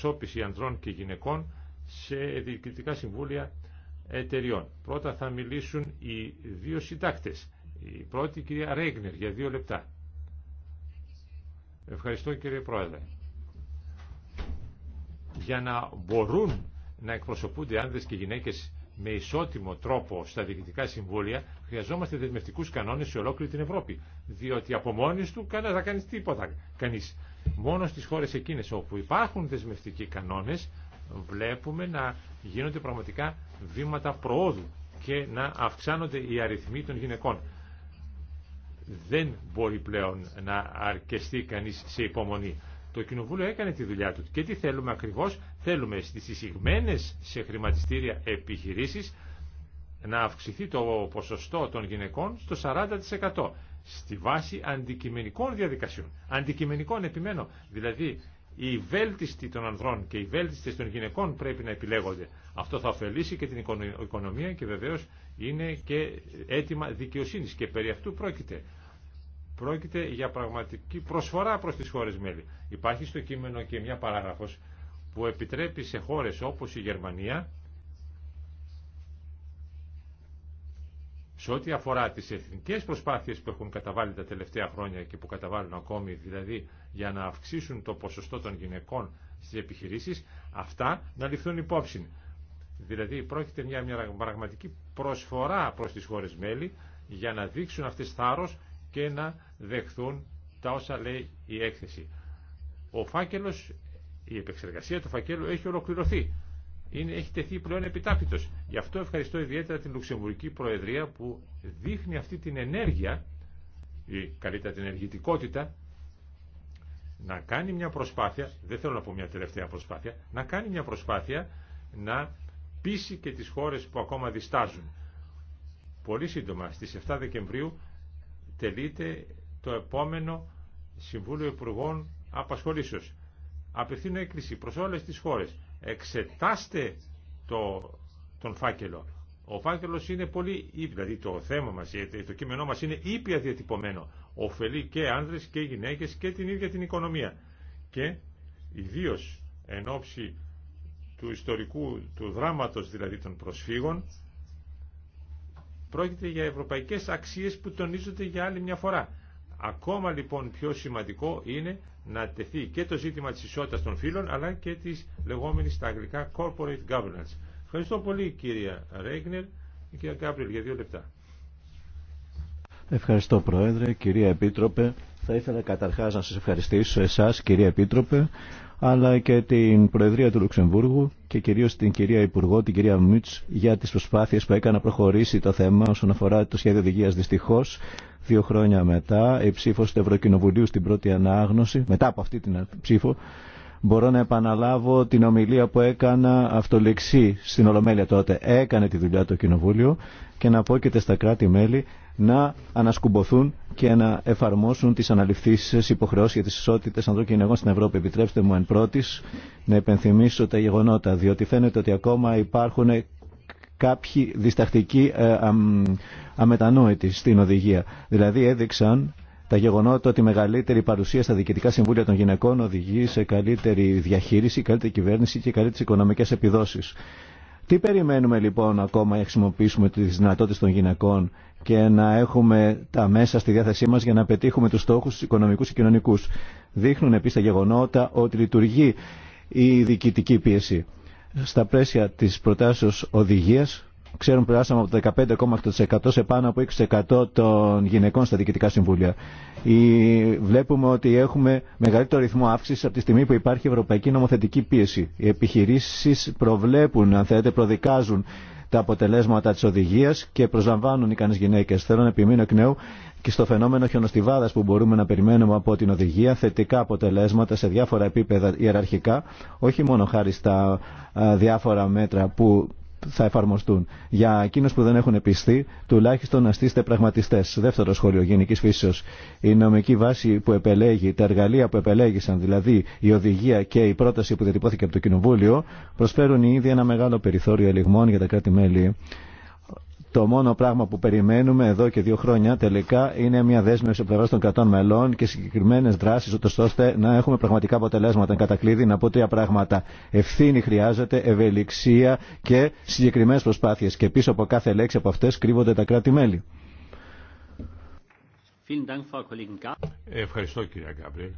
εξόπιση ανδρών και γυναικών σε διοικητικά συμβούλια εταιριών. Πρώτα θα μιλήσουν οι δύο συντάκτες. Η πρώτη, κυρία Ρέγνερ, για δύο λεπτά. Ευχαριστώ κύριε Πρόεδρε. Για να μπορούν να εκπροσωπούνται άνδρες και γυναίκες με ισότιμο τρόπο στα διοικητικά συμβούλια, χρειαζόμαστε δεσμευτικού κανόνες σε ολόκληρη την Ευρώπη. Διότι από μόνη του κανένα θα κάνει τίποτα. Κανείς. Μόνο στις χώρες εκείνες όπου υπάρχουν δεσμευτικοί κανόνες βλέπουμε να γίνονται πραγματικά βήματα προόδου και να αυξάνονται οι αριθμοί των γυναικών. Δεν μπορεί πλέον να αρκεστεί κανείς σε υπομονή. Το Κοινοβούλιο έκανε τη δουλειά του. Και τι θέλουμε ακριβώς. Θέλουμε στις εισηγμένες σε χρηματιστήρια επιχειρήσεις να αυξηθεί το ποσοστό των γυναικών στο 40% στη βάση αντικειμενικών διαδικασιών. Αντικειμενικών επιμένω. Δηλαδή η βέλτιστη των ανδρών και οι βέλτιστη των γυναικών πρέπει να επιλέγονται. Αυτό θα ωφελήσει και την οικονομία και βεβαίως είναι και αίτημα δικαιοσύνης και περί αυτού πρόκειται. Πρόκειται για πραγματική προσφορά προς τις χώρες μέλη. Υπάρχει στο κείμενο και μια παράγραφο που επιτρέπει σε χώρε όπω η Γερμανία Σε ό,τι αφορά τι εθνικέ προσπάθειε που έχουν καταβάλει τα τελευταία χρόνια και που καταβάλουν ακόμη, δηλαδή για να αυξήσουν το ποσοστό των γυναικών στις επιχειρήσεις, αυτά να ληφθούν υπόψη. Δηλαδή πρόκειται μια, μια πραγματική προσφορά προ τι χώρε μέλη για να δείξουν αυτέ θάρρο και να δεχθούν τα όσα λέει η έκθεση. Ο φάκελος, η επεξεργασία του φακέλου έχει ολοκληρωθεί είναι, έχει τεθεί πλέον επιτάπητος. Γι' αυτό ευχαριστώ ιδιαίτερα την Λουξεμβουργική Προεδρία που δείχνει αυτή την ενέργεια ή καλύτερα την ενεργητικότητα να κάνει μια προσπάθεια, δεν θέλω να πω μια τελευταία προσπάθεια, να κάνει μια προσπάθεια να πείσει και τις χώρες που ακόμα διστάζουν. Πολύ σύντομα, στις 7 Δεκεμβρίου τελείται το επόμενο Συμβούλιο Υπουργών Απασχολήσεως. Απευθύνω έκκληση προς όλες τις χώρες εξετάστε το, τον φάκελο. Ο φάκελος είναι πολύ ήπια, δηλαδή το θέμα μας, ε, το κείμενό μας είναι ήπια διατυπωμένο. Οφελεί και άνδρες και γυναίκες και την ίδια την οικονομία. Και ιδίω εν ώψη του ιστορικού, του δράματος δηλαδή των προσφύγων, πρόκειται για ευρωπαϊκές αξίες που τονίζονται για άλλη μια φορά. Ακόμα λοιπόν πιο σημαντικό είναι να τεθεί και το ζήτημα της ισότητας των φύλων αλλά και της λεγόμενης στα αγγλικά corporate governance. Ευχαριστώ πολύ κυρία Ρέγνερ και κυρία Κάπριλ για δύο λεπτά. Ευχαριστώ Πρόεδρε, κυρία Επίτροπε. Θα ήθελα καταρχάς να σας ευχαριστήσω εσάς κυρία Επίτροπε αλλά και την Προεδρία του Λουξεμβούργου και κυρίως την κυρία Υπουργό, την κυρία Μίτς για τις προσπάθειες που έκανα να προχωρήσει το θέμα όσον αφορά το σχέδιο οδηγίας. Δυστυχώς Δύο χρόνια μετά, η ψήφο του Ευρωκοινοβουλίου στην πρώτη ανάγνωση, μετά από αυτή την ψήφο, μπορώ να επαναλάβω την ομιλία που έκανα αυτολεξή στην Ολομέλεια τότε. Έκανε τη δουλειά το Κοινοβούλιο και να και στα κράτη-μέλη να ανασκουμποθούν και να εφαρμόσουν τι αναληφθήσει υποχρεώσει για τι ισότητε ανδρών και στην Ευρώπη. Επιτρέψτε μου εν πρώτη να υπενθυμίσω τα γεγονότα, διότι φαίνεται ότι ακόμα υπάρχουν κάποιοι διστακτικοί ε, αμετανόητοι στην οδηγία. Δηλαδή έδειξαν τα γεγονότα ότι η μεγαλύτερη παρουσία στα διοικητικά συμβούλια των γυναικών οδηγεί σε καλύτερη διαχείριση, καλύτερη κυβέρνηση και καλύτερε οικονομικέ επιδόσει. Τι περιμένουμε λοιπόν ακόμα να χρησιμοποιήσουμε τι δυνατότητε των γυναικών και να έχουμε τα μέσα στη διάθεσή μα για να πετύχουμε του στόχου οικονομικού και κοινωνικού. Δείχνουν επίση τα γεγονότα ότι λειτουργεί η διοικητική πίεση στα πλαίσια της προτάσεως οδηγίας ξέρουν περάσαμε από το 15,8% σε πάνω από 6% των γυναικών στα διοικητικά συμβούλια. Ή βλέπουμε ότι έχουμε μεγαλύτερο ρυθμό αύξηση από τη στιγμή που υπάρχει ευρωπαϊκή νομοθετική πίεση. Οι επιχειρήσει προβλέπουν, αν θέλετε, προδικάζουν τα αποτελέσματα τη οδηγία και προσλαμβάνουν ικανέ γυναίκε. Θέλω να επιμείνω εκ νέου και στο φαινόμενο χιονοστιβάδα που μπορούμε να περιμένουμε από την οδηγία, θετικά αποτελέσματα σε διάφορα επίπεδα ιεραρχικά, όχι μόνο χάρη στα διάφορα μέτρα που θα εφαρμοστούν. Για εκείνου που δεν έχουν πιστεί, τουλάχιστον να στείστε πραγματιστέ. Δεύτερο σχόλιο γενική φύσεω. Η νομική βάση που επελέγει, τα εργαλεία που επελέγησαν, δηλαδή η οδηγία και η πρόταση που διατυπώθηκε από το Κοινοβούλιο, προσφέρουν ήδη ένα μεγάλο περιθώριο ελιγμών για τα κράτη-μέλη το μόνο πράγμα που περιμένουμε εδώ και δύο χρόνια τελικά είναι μια δέσμευση από πλευρά των κρατών μελών και συγκεκριμένε δράσει, ώστε να έχουμε πραγματικά αποτελέσματα. Εν κατακλείδη, να πω τρία πράγματα. Ευθύνη χρειάζεται, ευελιξία και συγκεκριμένε προσπάθειε. Και πίσω από κάθε λέξη από αυτέ κρύβονται τα κράτη-μέλη. Ευχαριστώ κύριε Γκάμπριελ.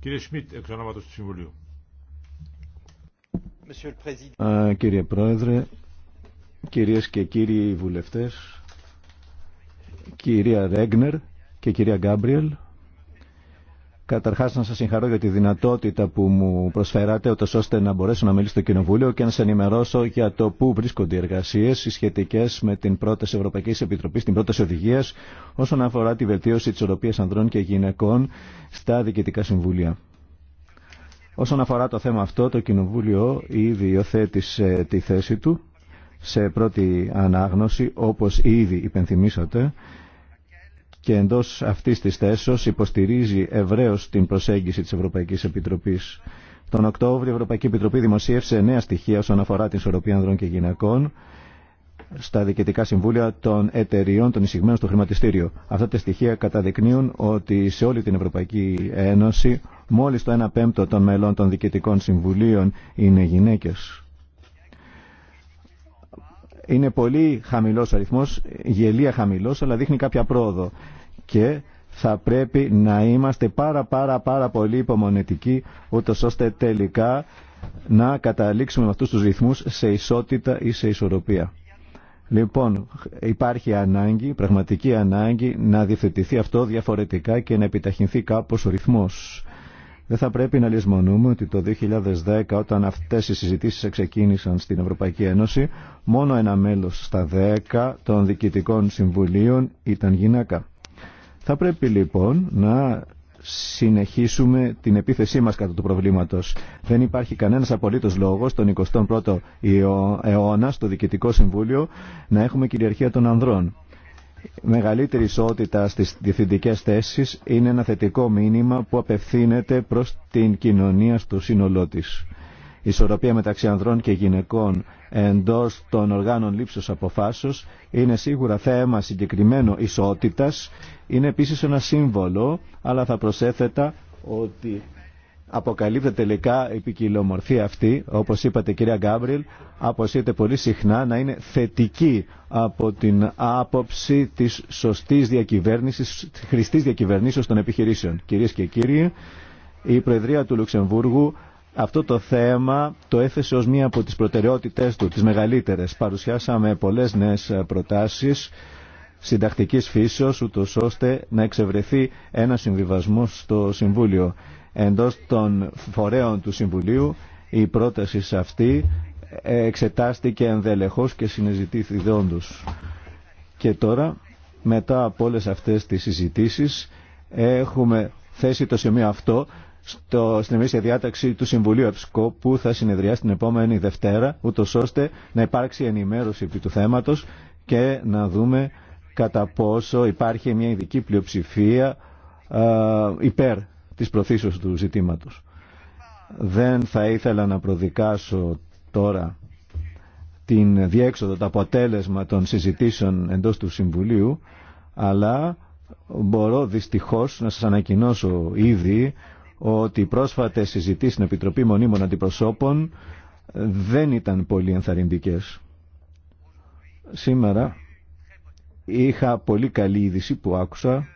Κύριε Σμιτ, εξ ονόματο του Συμβουλίου. Κύριε Πρόεδρε, Κυρίες και κύριοι βουλευτές, κυρία Ρέγνερ και κυρία Γκάμπριελ, Καταρχάς να σας συγχαρώ για τη δυνατότητα που μου προσφεράτε ώστε να μπορέσω να μιλήσω στο Κοινοβούλιο και να σας ενημερώσω για το πού βρίσκονται οι εργασίες σχετικές με την πρόταση Ευρωπαϊκή Επιτροπή, την πρόταση οδηγίας όσον αφορά τη βελτίωση της οροπίας ανδρών και γυναικών στα διοικητικά συμβούλια. Όσον αφορά το θέμα αυτό, το Κοινοβούλιο ήδη υιοθέτησε τη θέση του σε πρώτη ανάγνωση όπως ήδη υπενθυμίσατε και εντός αυτής της θέσεως υποστηρίζει ευρέως την προσέγγιση της Ευρωπαϊκής Επιτροπής. Τον Οκτώβριο η Ευρωπαϊκή Επιτροπή δημοσίευσε νέα στοιχεία όσον αφορά την ισορροπία ανδρών και γυναικών στα διοικητικά συμβούλια των εταιριών των εισηγμένων στο χρηματιστήριο. Αυτά τα στοιχεία καταδεικνύουν ότι σε όλη την Ευρωπαϊκή Ένωση μόλις το 1 πέμπτο των μελών των διοικητικών συμβουλίων είναι γυναίκες. Είναι πολύ χαμηλός ο αριθμός, γελία χαμηλός, αλλά δείχνει κάποια πρόοδο. Και θα πρέπει να είμαστε πάρα πάρα πάρα πολύ υπομονετικοί, ούτω ώστε τελικά να καταλήξουμε με αυτού τους ρυθμού σε ισότητα ή σε ισορροπία. Λοιπόν, υπάρχει ανάγκη, πραγματική ανάγκη να διευθετηθεί αυτό διαφορετικά και να επιταχυνθεί κάπως ο ρυθμός. Δεν θα πρέπει να λησμονούμε ότι το 2010 όταν αυτές οι συζητήσεις ξεκίνησαν στην Ευρωπαϊκή Ένωση μόνο ένα μέλος στα 10 των διοικητικών συμβουλίων ήταν γυναίκα. Θα πρέπει λοιπόν να συνεχίσουμε την επίθεσή μας κατά του προβλήματος. Δεν υπάρχει κανένας απολύτως λόγος τον 21ο αιώνα στο Διοικητικό Συμβούλιο να έχουμε κυριαρχία των ανδρών μεγαλύτερη ισότητα στις διευθυντικές θέσεις είναι ένα θετικό μήνυμα που απευθύνεται προς την κοινωνία στο σύνολό της. Η ισορροπία μεταξύ ανδρών και γυναικών εντός των οργάνων λήψης αποφάσεως είναι σίγουρα θέμα συγκεκριμένο ισότητας, είναι επίσης ένα σύμβολο, αλλά θα προσέθετα ότι αποκαλύπτεται τελικά η ποικιλομορφία αυτή, όπως είπατε κυρία Γκάμπριλ, αποσύρεται πολύ συχνά να είναι θετική από την άποψη της σωστής διακυβέρνησης, χρηστής διακυβερνήσεως των επιχειρήσεων. Κυρίες και κύριοι, η Προεδρία του Λουξεμβούργου αυτό το θέμα το έθεσε ως μία από τις προτεραιότητές του, τις μεγαλύτερες. Παρουσιάσαμε πολλές νέες προτάσεις συντακτικής φύσεως, ούτως ώστε να εξευρεθεί ένα συμβιβασμό στο Συμβούλιο εντός των φορέων του Συμβουλίου η πρόταση σε αυτή εξετάστηκε ενδελεχώς και συνεζητήθη δόντους Και τώρα, μετά από όλες αυτές τις συζητήσεις, έχουμε θέσει το σημείο αυτό στο, στην διάταξη του Συμβουλίου Ευσκόπου που θα συνεδριάσει την επόμενη Δευτέρα, ούτω ώστε να υπάρξει ενημέρωση επί του θέματος και να δούμε κατά πόσο υπάρχει μια ειδική πλειοψηφία α, ε, υπέρ της προθήσεως του ζητήματος. Δεν θα ήθελα να προδικάσω τώρα την διέξοδο, το αποτέλεσμα των συζητήσεων εντός του Συμβουλίου, αλλά μπορώ δυστυχώς να σας ανακοινώσω ήδη ότι οι πρόσφατες συζητήσεις στην Επιτροπή Μονίμων Αντιπροσώπων δεν ήταν πολύ ενθαρρυντικές. Σήμερα είχα πολύ καλή είδηση που άκουσα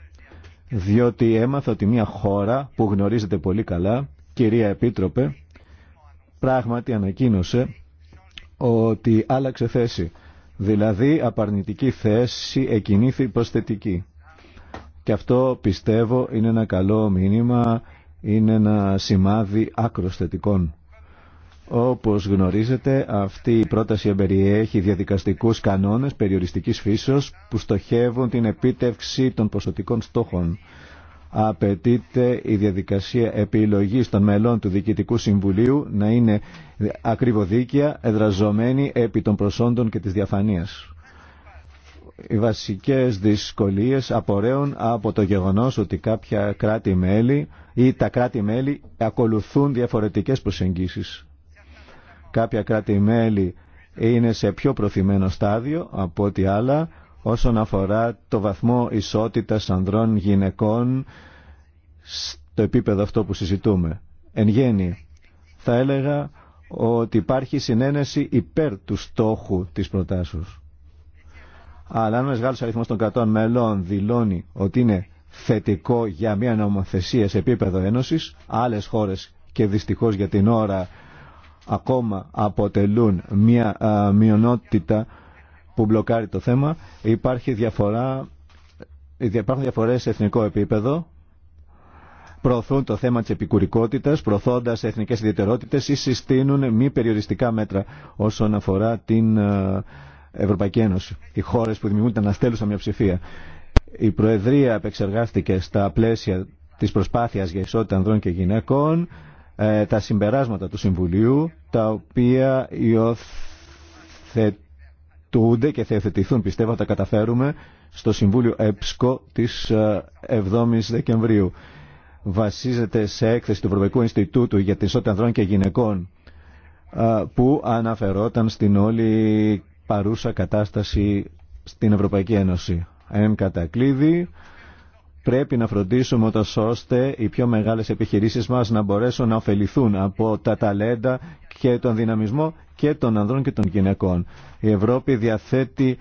διότι έμαθα ότι μια χώρα που γνωρίζετε πολύ καλά, κυρία Επίτροπε, πράγματι ανακοίνωσε ότι άλλαξε θέση. Δηλαδή απαρνητική θέση εκινήθη προς Και αυτό πιστεύω είναι ένα καλό μήνυμα, είναι ένα σημάδι άκρος θετικών. Όπως γνωρίζετε, αυτή η πρόταση εμπεριέχει διαδικαστικούς κανόνες περιοριστικής φύσεως που στοχεύουν την επίτευξη των ποσοτικών στόχων. Απαιτείται η διαδικασία επιλογής των μελών του Διοικητικού Συμβουλίου να είναι ακριβοδίκαια, εδραζομένη επί των προσόντων και της διαφανείας. Οι βασικές δυσκολίες απορρέουν από το γεγονός ότι κάποια κράτη-μέλη ή τα κράτη-μέλη ακολουθούν διαφορετικές προσεγγίσεις Κάποια κράτη-μέλη είναι σε πιο προθυμένο στάδιο από ό,τι άλλα όσον αφορά το βαθμό ισότητας ανδρών γυναικών στο επίπεδο αυτό που συζητούμε. Εν γέννη, θα έλεγα ότι υπάρχει συνένεση υπέρ του στόχου της προτάσεως. Αλλά αν ο μεγάλος αριθμός των κρατών μελών δηλώνει ότι είναι θετικό για μια νομοθεσία σε επίπεδο ένωσης, άλλες χώρες και δυστυχώς για την ώρα ακόμα αποτελούν μια μειονότητα που μπλοκάρει το θέμα. Υπάρχει διαφορά, υπάρχουν διαφορές σε εθνικό επίπεδο. Προωθούν το θέμα της επικουρικότητας, προωθώντας εθνικές ιδιαιτερότητες ή συστήνουν μη περιοριστικά μέτρα όσον αφορά την Ευρωπαϊκή Ένωση. Οι χώρες που δημιουργούνται να στέλνουν μια ψηφία. Η Προεδρία επεξεργάστηκε στα πλαίσια της προσπάθειας για ισότητα ανδρών και γυναικών ε, τα συμπεράσματα του Συμβουλίου, τα οποία υιοθετούνται και θα υιοθετηθούν, πιστεύω τα καταφέρουμε, στο Συμβούλιο ΕΠΣΚΟ της 7ης ε, Δεκεμβρίου. Βασίζεται σε έκθεση του Ευρωπαϊκού Ινστιτούτου για την ισότητα ανδρών και γυναικών, ε, που αναφερόταν στην όλη παρούσα κατάσταση στην Ευρωπαϊκή Ένωση. Εν κατακλείδη, Πρέπει να φροντίσουμε ώστε οι πιο μεγάλες επιχειρήσεις μας να μπορέσουν να ωφεληθούν από τα ταλέντα και τον δυναμισμό και των ανδρών και των γυναικών. Η Ευρώπη διαθέτει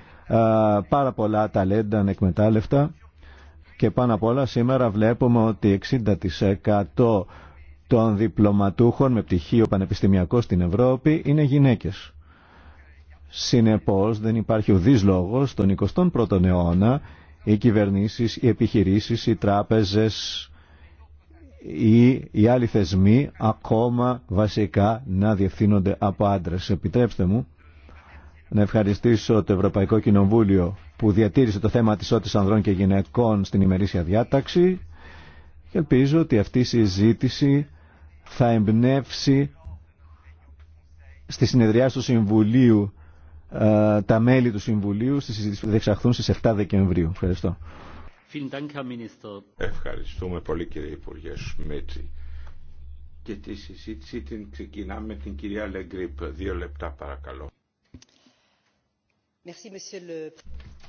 πάρα πολλά ταλέντα ανεκμετάλλευτα και πάνω απ' όλα σήμερα βλέπουμε ότι 60% των διπλωματούχων με πτυχίο πανεπιστημιακό στην Ευρώπη είναι γυναίκες. Συνεπώς δεν υπάρχει ουδής λόγος τον 21ο αιώνα οι κυβερνήσεις, οι επιχειρήσεις, οι τράπεζες ή οι άλλοι θεσμοί ακόμα βασικά να διευθύνονται από άντρες. Επιτρέψτε μου να ευχαριστήσω το Ευρωπαϊκό Κοινοβούλιο που διατήρησε το θέμα της ότης ανδρών και γυναικών στην ημερήσια διάταξη και ελπίζω ότι αυτή η συζήτηση θα εμπνεύσει στη συνεδριά του Συμβουλίου ε, τα μέλη του Συμβουλίου στη συζήτηση που διεξαχθούν στις 7 Δεκεμβρίου. Ευχαριστώ. Ευχαριστούμε πολύ κύριε Υπουργέ Σμίτση. Και τη συζήτηση την ξεκινάμε με την κυρία Λεγκρίπ. Δύο λεπτά παρακαλώ.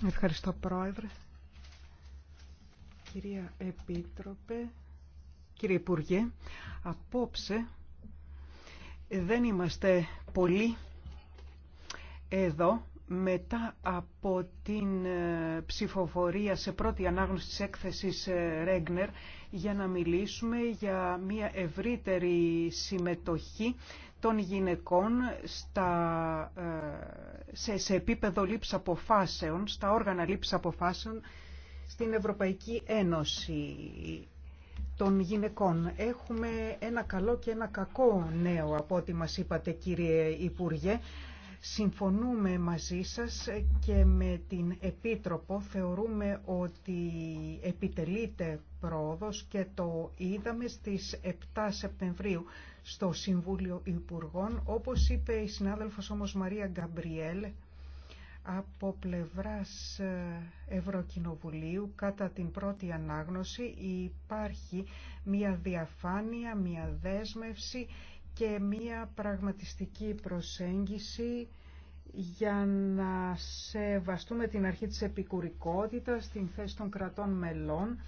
Ευχαριστώ πρόεδρε. Κυρία Επίτροπε, κύριε Υπουργέ, απόψε δεν είμαστε πολλοί εδώ μετά από την ε, ψηφοφορία σε πρώτη ανάγνωση της έκθεσης ε, Ρέγνερ για να μιλήσουμε για μια ευρύτερη συμμετοχή των γυναικών ε, σε, σε επίπεδο λήψη αποφάσεων, στα όργανα λήψη αποφάσεων στην Ευρωπαϊκή Ένωση των γυναικών. Έχουμε ένα καλό και ένα κακό νέο από ό,τι μας είπατε κύριε Υπουργέ Συμφωνούμε μαζί σας και με την Επίτροπο θεωρούμε ότι επιτελείται πρόοδος και το είδαμε στις 7 Σεπτεμβρίου στο Συμβούλιο Υπουργών, όπως είπε η συνάδελφος όμως Μαρία Γκαμπριέλ, από πλευράς ε, Ευρωκοινοβουλίου κατά την πρώτη ανάγνωση υπάρχει μια διαφάνεια, μια δέσμευση και μία πραγματιστική προσέγγιση για να σεβαστούμε την αρχή της επικουρικότητας, την θέση των κρατών μελών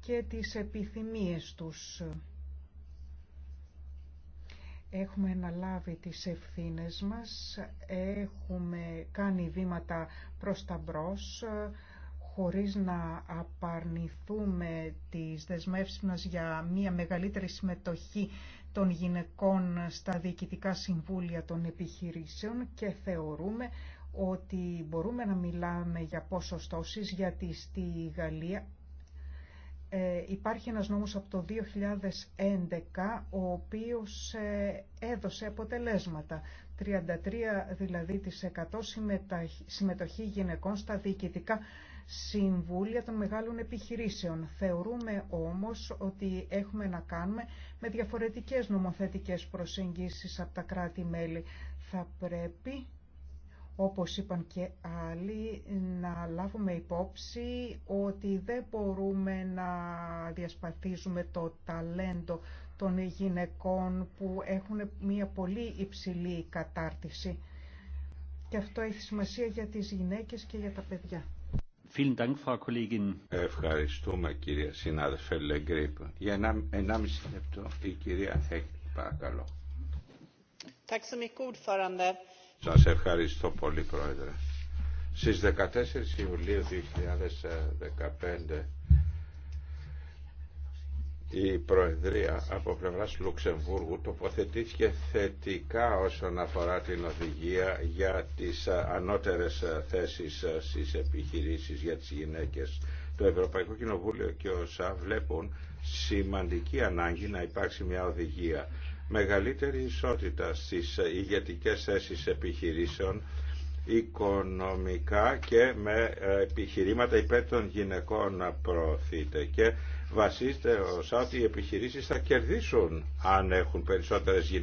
και τις επιθυμίες τους. Έχουμε αναλάβει τις ευθύνες μας, έχουμε κάνει βήματα προς τα μπρος, χωρίς να απαρνηθούμε τις δεσμεύσεις μας για μια μεγαλύτερη συμμετοχή των γυναικών στα διοικητικά συμβούλια των επιχειρήσεων και θεωρούμε ότι μπορούμε να μιλάμε για ποσοστώσεις γιατί στη Γαλλία ε, υπάρχει ένας νόμος από το 2011 ο οποίος ε, έδωσε αποτελέσματα. 33 δηλαδή της 100 συμμετοχή γυναικών στα διοικητικά συμβούλια των μεγάλων επιχειρήσεων. Θεωρούμε όμως ότι έχουμε να κάνουμε με διαφορετικές νομοθετικές προσεγγίσεις από τα κράτη-μέλη. Θα πρέπει, όπως είπαν και άλλοι, να λάβουμε υπόψη ότι δεν μπορούμε να διασπαθίζουμε το ταλέντο των γυναικών που έχουν μια πολύ υψηλή κατάρτιση. Και αυτό έχει σημασία για τις γυναίκες και για τα παιδιά. Ευχαριστούμε κυρία συνάδελφε Λεγκρίπ. Για ένα, ένα μισή λεπτό η κυρία Χέκ, παρακαλώ. Σας ευχαριστώ πολύ πρόεδρε. Στι 14 Ιουλίου 2015 η Προεδρία από πλευράς Λουξεμβούργου τοποθετήθηκε θετικά όσον αφορά την οδηγία για τις ε, ανώτερες ε, θέσεις ε, στις επιχειρήσεις για τις γυναίκες. Το Ευρωπαϊκό Κοινοβούλιο και σα βλέπουν σημαντική ανάγκη να υπάρξει μια οδηγία. Μεγαλύτερη ισότητα στις ηγετικές θέσεις επιχειρήσεων οικονομικά και με επιχειρήματα υπέρ των γυναικών να προωθείται βασίζεται ω ότι οι επιχειρήσεις θα κερδίσουν αν έχουν περισσότερες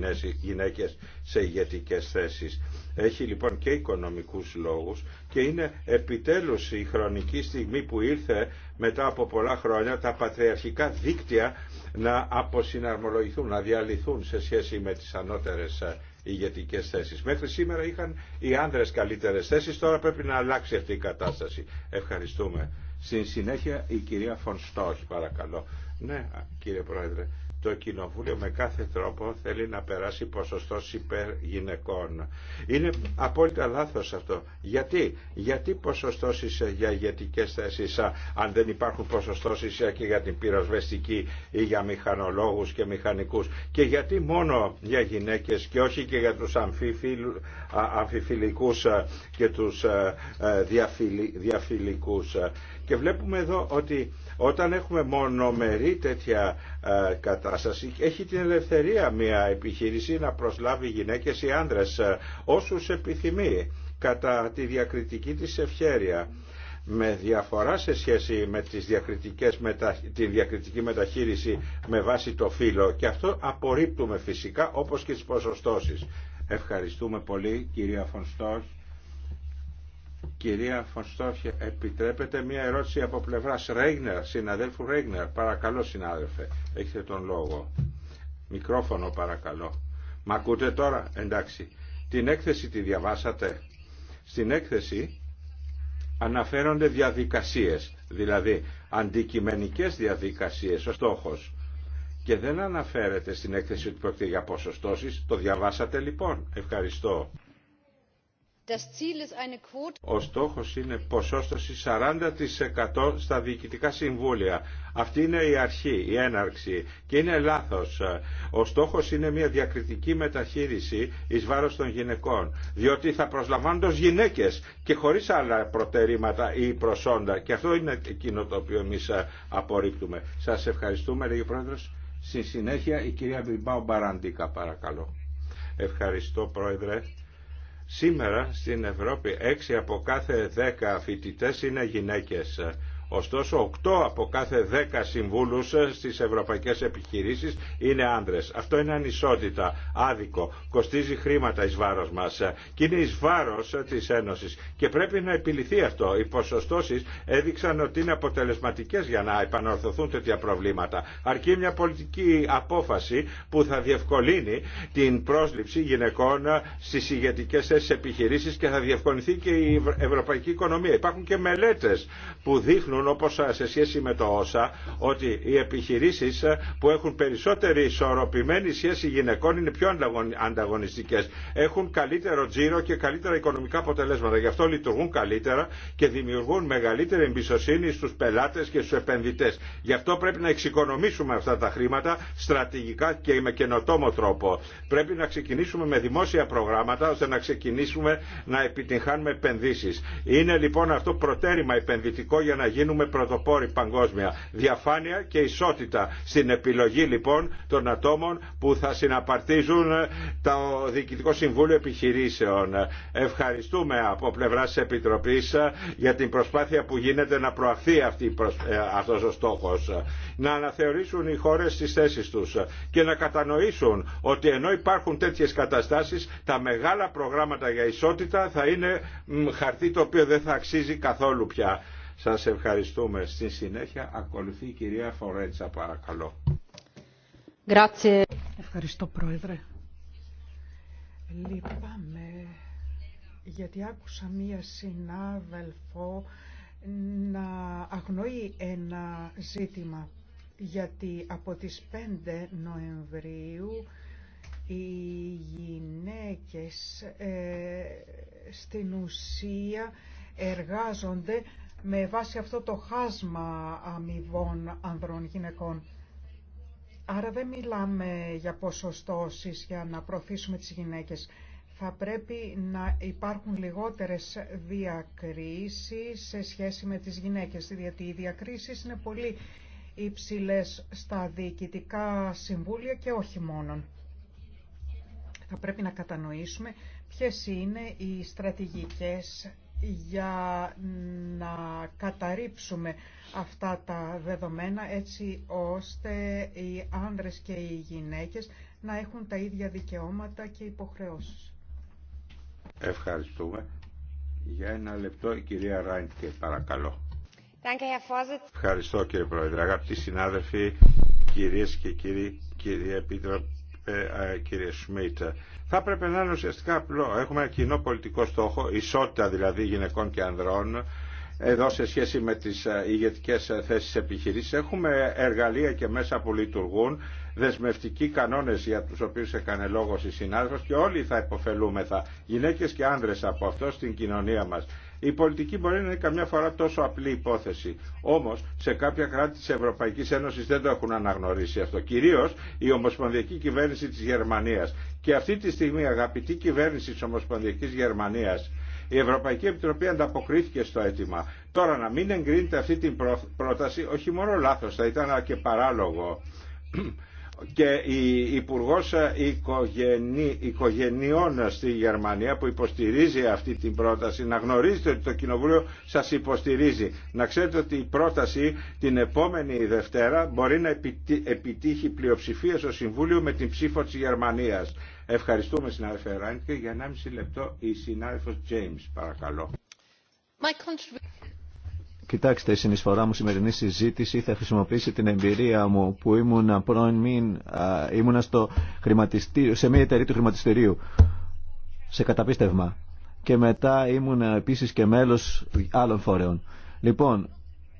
γυναίκες σε ηγετικές θέσεις. Έχει λοιπόν και οικονομικούς λόγους και είναι επιτέλους η χρονική στιγμή που ήρθε μετά από πολλά χρόνια τα πατριαρχικά δίκτυα να αποσυναρμολογηθούν, να διαλυθούν σε σχέση με τις ανώτερες ε, ηγετικέ θέσει. Μέχρι σήμερα είχαν οι άνδρες καλύτερε θέσει, τώρα πρέπει να αλλάξει αυτή η κατάσταση. Ευχαριστούμε. Στην συνέχεια η κυρία Φωνστόχη παρακαλώ. Ναι, κύριε Πρόεδρε, το Κοινοβούλιο με κάθε τρόπο θέλει να περάσει ποσοστό υπέρ γυναικών. Είναι απόλυτα λάθος αυτό. Γιατί, γιατί ποσοστώσεις για ηγετικές θέσεις αν δεν υπάρχουν είσαι και για την πυροσβεστική ή για μηχανολόγους και μηχανικούς και γιατί μόνο για γυναίκες και όχι και για τους αμφιφιλικούς και τους διαφιλικούς. Και βλέπουμε εδώ ότι όταν έχουμε μονομερή τέτοια ε, κατάσταση, έχει την ελευθερία μια επιχείρηση να προσλάβει γυναίκες ή άνδρες ε, όσους επιθυμεί κατά τη διακριτική της ευχέρεια με διαφορά σε σχέση με τις διακριτικές, μετα... τη διακριτική μεταχείριση με βάση το φύλλο και αυτό απορρίπτουμε φυσικά όπως και τις ποσοστώσεις. Ευχαριστούμε πολύ κυρία Φωνστόχ. Κυρία Φωνστόφια, επιτρέπετε μία ερώτηση από πλευράς Ρέγνερ, συναδέλφου Ρέγνερ. Παρακαλώ συνάδελφε, έχετε τον λόγο. Μικρόφωνο παρακαλώ. Μα ακούτε τώρα, εντάξει. Την έκθεση τη διαβάσατε. Στην έκθεση αναφέρονται διαδικασίες, δηλαδή αντικειμενικές διαδικασίες, ο στόχος. Και δεν αναφέρεται στην έκθεση ότι πρόκειται για ποσοστώσεις. Το διαβάσατε λοιπόν. Ευχαριστώ. Ο στόχος είναι ποσόστοση 40% στα διοικητικά συμβούλια. Αυτή είναι η αρχή, η έναρξη και είναι λάθος. Ο στόχος είναι μια διακριτική μεταχείριση εις βάρος των γυναικών, διότι θα προσλαμβάνονται ως γυναίκες και χωρίς άλλα προτερήματα ή προσόντα. Και αυτό είναι εκείνο το οποίο εμείς ε, απορρίπτουμε. Σας ευχαριστούμε, λέγει Πρόεδρος. Στη συνέχεια η κυρία Μπιμπάου Μπαραντίκα, παρακαλώ. Ευχαριστώ, Πρόεδρε. Σήμερα στην Ευρώπη 6 από κάθε 10 φοιτητές είναι γυναίκες Ωστόσο, 8 από κάθε 10 συμβούλους στις ευρωπαϊκές επιχειρήσεις είναι άντρες. Αυτό είναι ανισότητα, άδικο, κοστίζει χρήματα εις βάρος μας και είναι εις βάρος της Ένωσης. Και πρέπει να επιληθεί αυτό. Οι ποσοστώσεις έδειξαν ότι είναι αποτελεσματικές για να επανορθωθούν τέτοια προβλήματα. Αρκεί μια πολιτική απόφαση που θα διευκολύνει την πρόσληψη γυναικών στις ηγετικές θέσεις επιχειρήσεις και θα διευκολυνθεί και η ευρωπαϊκή οικονομία. Υπάρχουν και μελέτες που δείχνουν Όπω όπως σε σχέση με το όσα ότι οι επιχειρήσεις που έχουν περισσότερη ισορροπημένη σχέση γυναικών είναι πιο ανταγωνιστικές. Έχουν καλύτερο τζίρο και καλύτερα οικονομικά αποτελέσματα. Γι' αυτό λειτουργούν καλύτερα και δημιουργούν μεγαλύτερη εμπιστοσύνη στους πελάτες και στους επενδυτές. Γι' αυτό πρέπει να εξοικονομήσουμε αυτά τα χρήματα στρατηγικά και με καινοτόμο τρόπο. Πρέπει να ξεκινήσουμε με δημόσια προγράμματα ώστε να ξεκινήσουμε να επιτυγχάνουμε επενδύσεις. Είναι λοιπόν αυτό προτέρημα επενδυτικό για να γίνει γίνουμε πρωτοπόροι παγκόσμια. Διαφάνεια και ισότητα στην επιλογή λοιπόν των ατόμων που θα συναπαρτίζουν ε, το Διοικητικό Συμβούλιο Επιχειρήσεων. Ευχαριστούμε από πλευρά τη Επιτροπή ε, για την προσπάθεια που γίνεται να προαχθεί αυτή, ε, αυτός ο στόχος. Να αναθεωρήσουν οι χώρες τις θέσεις τους και να κατανοήσουν ότι ενώ υπάρχουν τέτοιες καταστάσεις τα μεγάλα προγράμματα για ισότητα θα είναι χαρτί το οποίο δεν θα αξίζει καθόλου πια. Σας ευχαριστούμε. Στη συνέχεια ακολουθεί η κυρία Φορέτσα παρακαλώ. Ευχαριστώ πρόεδρε. Λυπάμαι γιατί άκουσα μία συνάδελφο να αγνοεί ένα ζήτημα γιατί από τις 5 Νοεμβρίου οι γυναίκες ε, στην ουσία εργάζονται με βάση αυτό το χάσμα αμοιβών ανδρών-γυναικών. Άρα δεν μιλάμε για ποσοστώσεις για να προωθήσουμε τις γυναίκες. Θα πρέπει να υπάρχουν λιγότερες διακρίσεις σε σχέση με τις γυναίκες, γιατί οι διακρίσεις είναι πολύ υψηλές στα διοικητικά συμβούλια και όχι μόνον. Θα πρέπει να κατανοήσουμε ποιες είναι οι στρατηγικές για να καταρρίψουμε αυτά τα δεδομένα έτσι ώστε οι άνδρες και οι γυναίκες να έχουν τα ίδια δικαιώματα και υποχρεώσεις. Ευχαριστούμε. Για ένα λεπτό η κυρία Ράιντκε παρακαλώ. Ευχαριστώ κύριε Πρόεδρε. Αγαπητοί συνάδελφοι, κυρίες και κύριοι, κυρία Επίτροπη, κύριε Σμίτ. Θα έπρεπε να είναι ουσιαστικά απλό. Έχουμε ένα κοινό πολιτικό στόχο, ισότητα δηλαδή γυναικών και ανδρών. Εδώ σε σχέση με τις ηγετικές θέσεις επιχειρήσεις έχουμε εργαλεία και μέσα που λειτουργούν, δεσμευτικοί κανόνες για τους οποίους έκανε λόγος η συνάδελφος και όλοι θα υποφελούμεθα, γυναίκες και άνδρες από αυτό στην κοινωνία μας. Η πολιτική μπορεί να είναι καμιά φορά τόσο απλή υπόθεση. Όμω σε κάποια κράτη τη Ευρωπαϊκή Ένωση δεν το έχουν αναγνωρίσει αυτό. Κυρίω η Ομοσπονδιακή Κυβέρνηση τη Γερμανία. Και αυτή τη στιγμή αγαπητή κυβέρνηση τη Ομοσπονδιακή Γερμανία. Η Ευρωπαϊκή Επιτροπή ανταποκρίθηκε στο αίτημα. Τώρα να μην εγκρίνεται αυτή την πρόταση, όχι μόνο λάθο, θα ήταν και παράλογο και η Υπουργό Οικογενειών στη Γερμανία που υποστηρίζει αυτή την πρόταση να γνωρίζετε ότι το Κοινοβούλιο σας υποστηρίζει. Να ξέρετε ότι η πρόταση την επόμενη Δευτέρα μπορεί να επιτύχει πλειοψηφία στο Συμβούλιο με την ψήφο της Γερμανίας. Ευχαριστούμε συνάδελφε Ράινκε. Για 1,5 λεπτό η συνάδελφος James παρακαλώ. Κοιτάξτε, η συνεισφορά μου σημερινή συζήτηση θα χρησιμοποιήσει την εμπειρία μου που ήμουνα πρώην μην, α, ήμουν στο χρηματιστήριο, σε μια εταιρεία του χρηματιστηρίου, σε καταπίστευμα. Και μετά ήμουν επίσης και μέλος άλλων φορέων. Λοιπόν,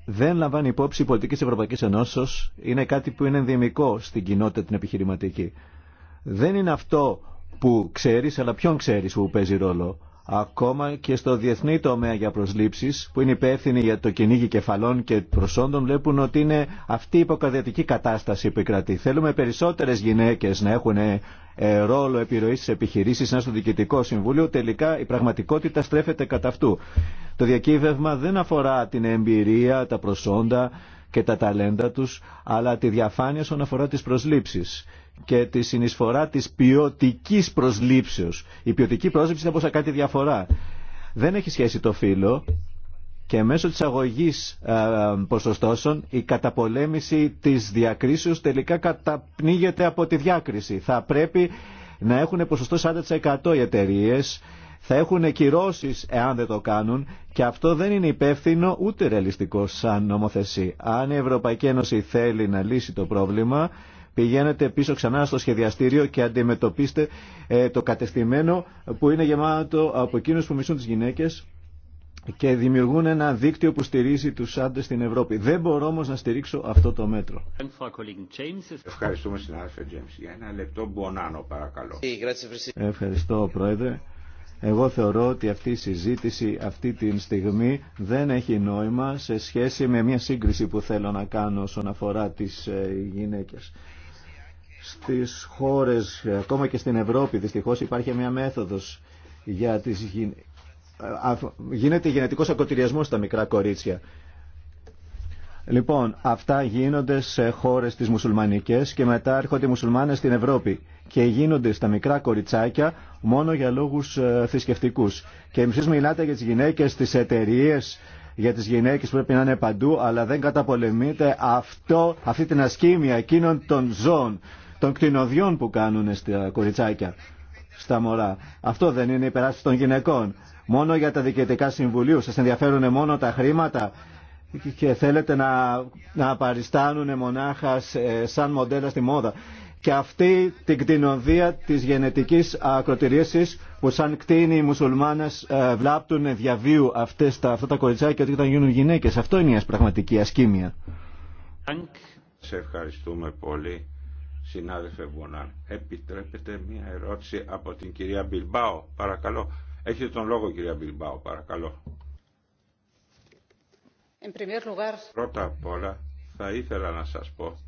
δεν λαμβάνει υπόψη η πολιτική της Ευρωπαϊκής Ενώσεως, είναι κάτι που είναι ενδυμικό στην κοινότητα την επιχειρηματική. Δεν είναι αυτό που ξέρεις, αλλά ποιον ξέρεις που παίζει ρόλο. Ακόμα και στο διεθνή τομέα για προσλήψεις που είναι υπεύθυνοι για το κυνήγι κεφαλών και προσόντων βλέπουν ότι είναι αυτή η υποκαδιατική κατάσταση που κρατεί. Θέλουμε περισσότερες γυναίκες να έχουν ε, ρόλο επιρροή στις επιχειρήσεις, να στο διοικητικό συμβούλιο. Τελικά η πραγματικότητα στρέφεται κατά αυτού. Το διακύβευμα δεν αφορά την εμπειρία, τα προσόντα και τα ταλέντα τους, αλλά τη διαφάνεια όσον αφορά τις προσλήψεις και τη συνεισφορά τη ποιοτική προσλήψεω. Η ποιοτική πρόσληψη είναι όπως κάτι διαφορά. Δεν έχει σχέση το φύλλο και μέσω της αγωγής ε, ποσοστώσεων η καταπολέμηση της διακρίσεως τελικά καταπνίγεται από τη διάκριση. Θα πρέπει να έχουν ποσοστό 40% οι εταιρείε, θα έχουν κυρώσει εάν δεν το κάνουν και αυτό δεν είναι υπεύθυνο ούτε ρεαλιστικό σαν νομοθεσία. Αν η Ευρωπαϊκή Ένωση θέλει να λύσει το πρόβλημα Πηγαίνετε πίσω ξανά στο σχεδιαστήριο και αντιμετωπίστε ε, το κατεστημένο που είναι γεμάτο από εκείνους που μισούν τις γυναίκες και δημιουργούν ένα δίκτυο που στηρίζει τους άντρες στην Ευρώπη. Δεν μπορώ όμως να στηρίξω αυτό το μέτρο. Ευχαριστούμε συνάδελφε Τζέμις. Για ένα λεπτό Μπονάνο παρακαλώ. Ευχαριστώ Πρόεδρε. Εγώ θεωρώ ότι αυτή η συζήτηση αυτή τη στιγμή δεν έχει νόημα σε σχέση με μια σύγκριση που θέλω να κάνω όσον αφορά τις ε, γυναίκες στις χώρες, ακόμα και στην Ευρώπη δυστυχώς υπάρχει μια μέθοδος για τις γίνεται γενετικός ακοτηριασμός στα μικρά κορίτσια. Λοιπόν, αυτά γίνονται σε χώρες τις μουσουλμανικές και μετά έρχονται οι μουσουλμάνες στην Ευρώπη και γίνονται στα μικρά κοριτσάκια μόνο για λόγους ε, θρησκευτικούς. Και εμείς μιλάτε για τις γυναίκες, τις εταιρείε, για τις γυναίκες που πρέπει να είναι παντού, αλλά δεν καταπολεμείτε αυτό, αυτή την ασκήμια εκείνων των ζώων των κτηνοδιών που κάνουν στα κοριτσάκια, στα μωρά. Αυτό δεν είναι υπεράσπιση των γυναικών. Μόνο για τα διοικητικά συμβουλίου σας ενδιαφέρουν μόνο τα χρήματα και θέλετε να, να παριστάνουν μονάχα ε, σαν μοντέλα στη μόδα. Και αυτή την κτηνοδία της γενετικής ακροτηρίασης που σαν κτίνοι οι μουσουλμάνες ε, βλάπτουν διαβίου αυτές τα, αυτά τα κοριτσάκια όταν γίνουν γυναίκες. Αυτό είναι μια πραγματική ασκήμια. Σε ευχαριστούμε πολύ συνάδελφε Βουναν, Επιτρέπετε μία ερώτηση από την κυρία Μπιλμπάο, παρακαλώ. Έχετε τον λόγο κυρία Μπιλμπάο, παρακαλώ. Πρώτα απ' όλα θα ήθελα να σας πω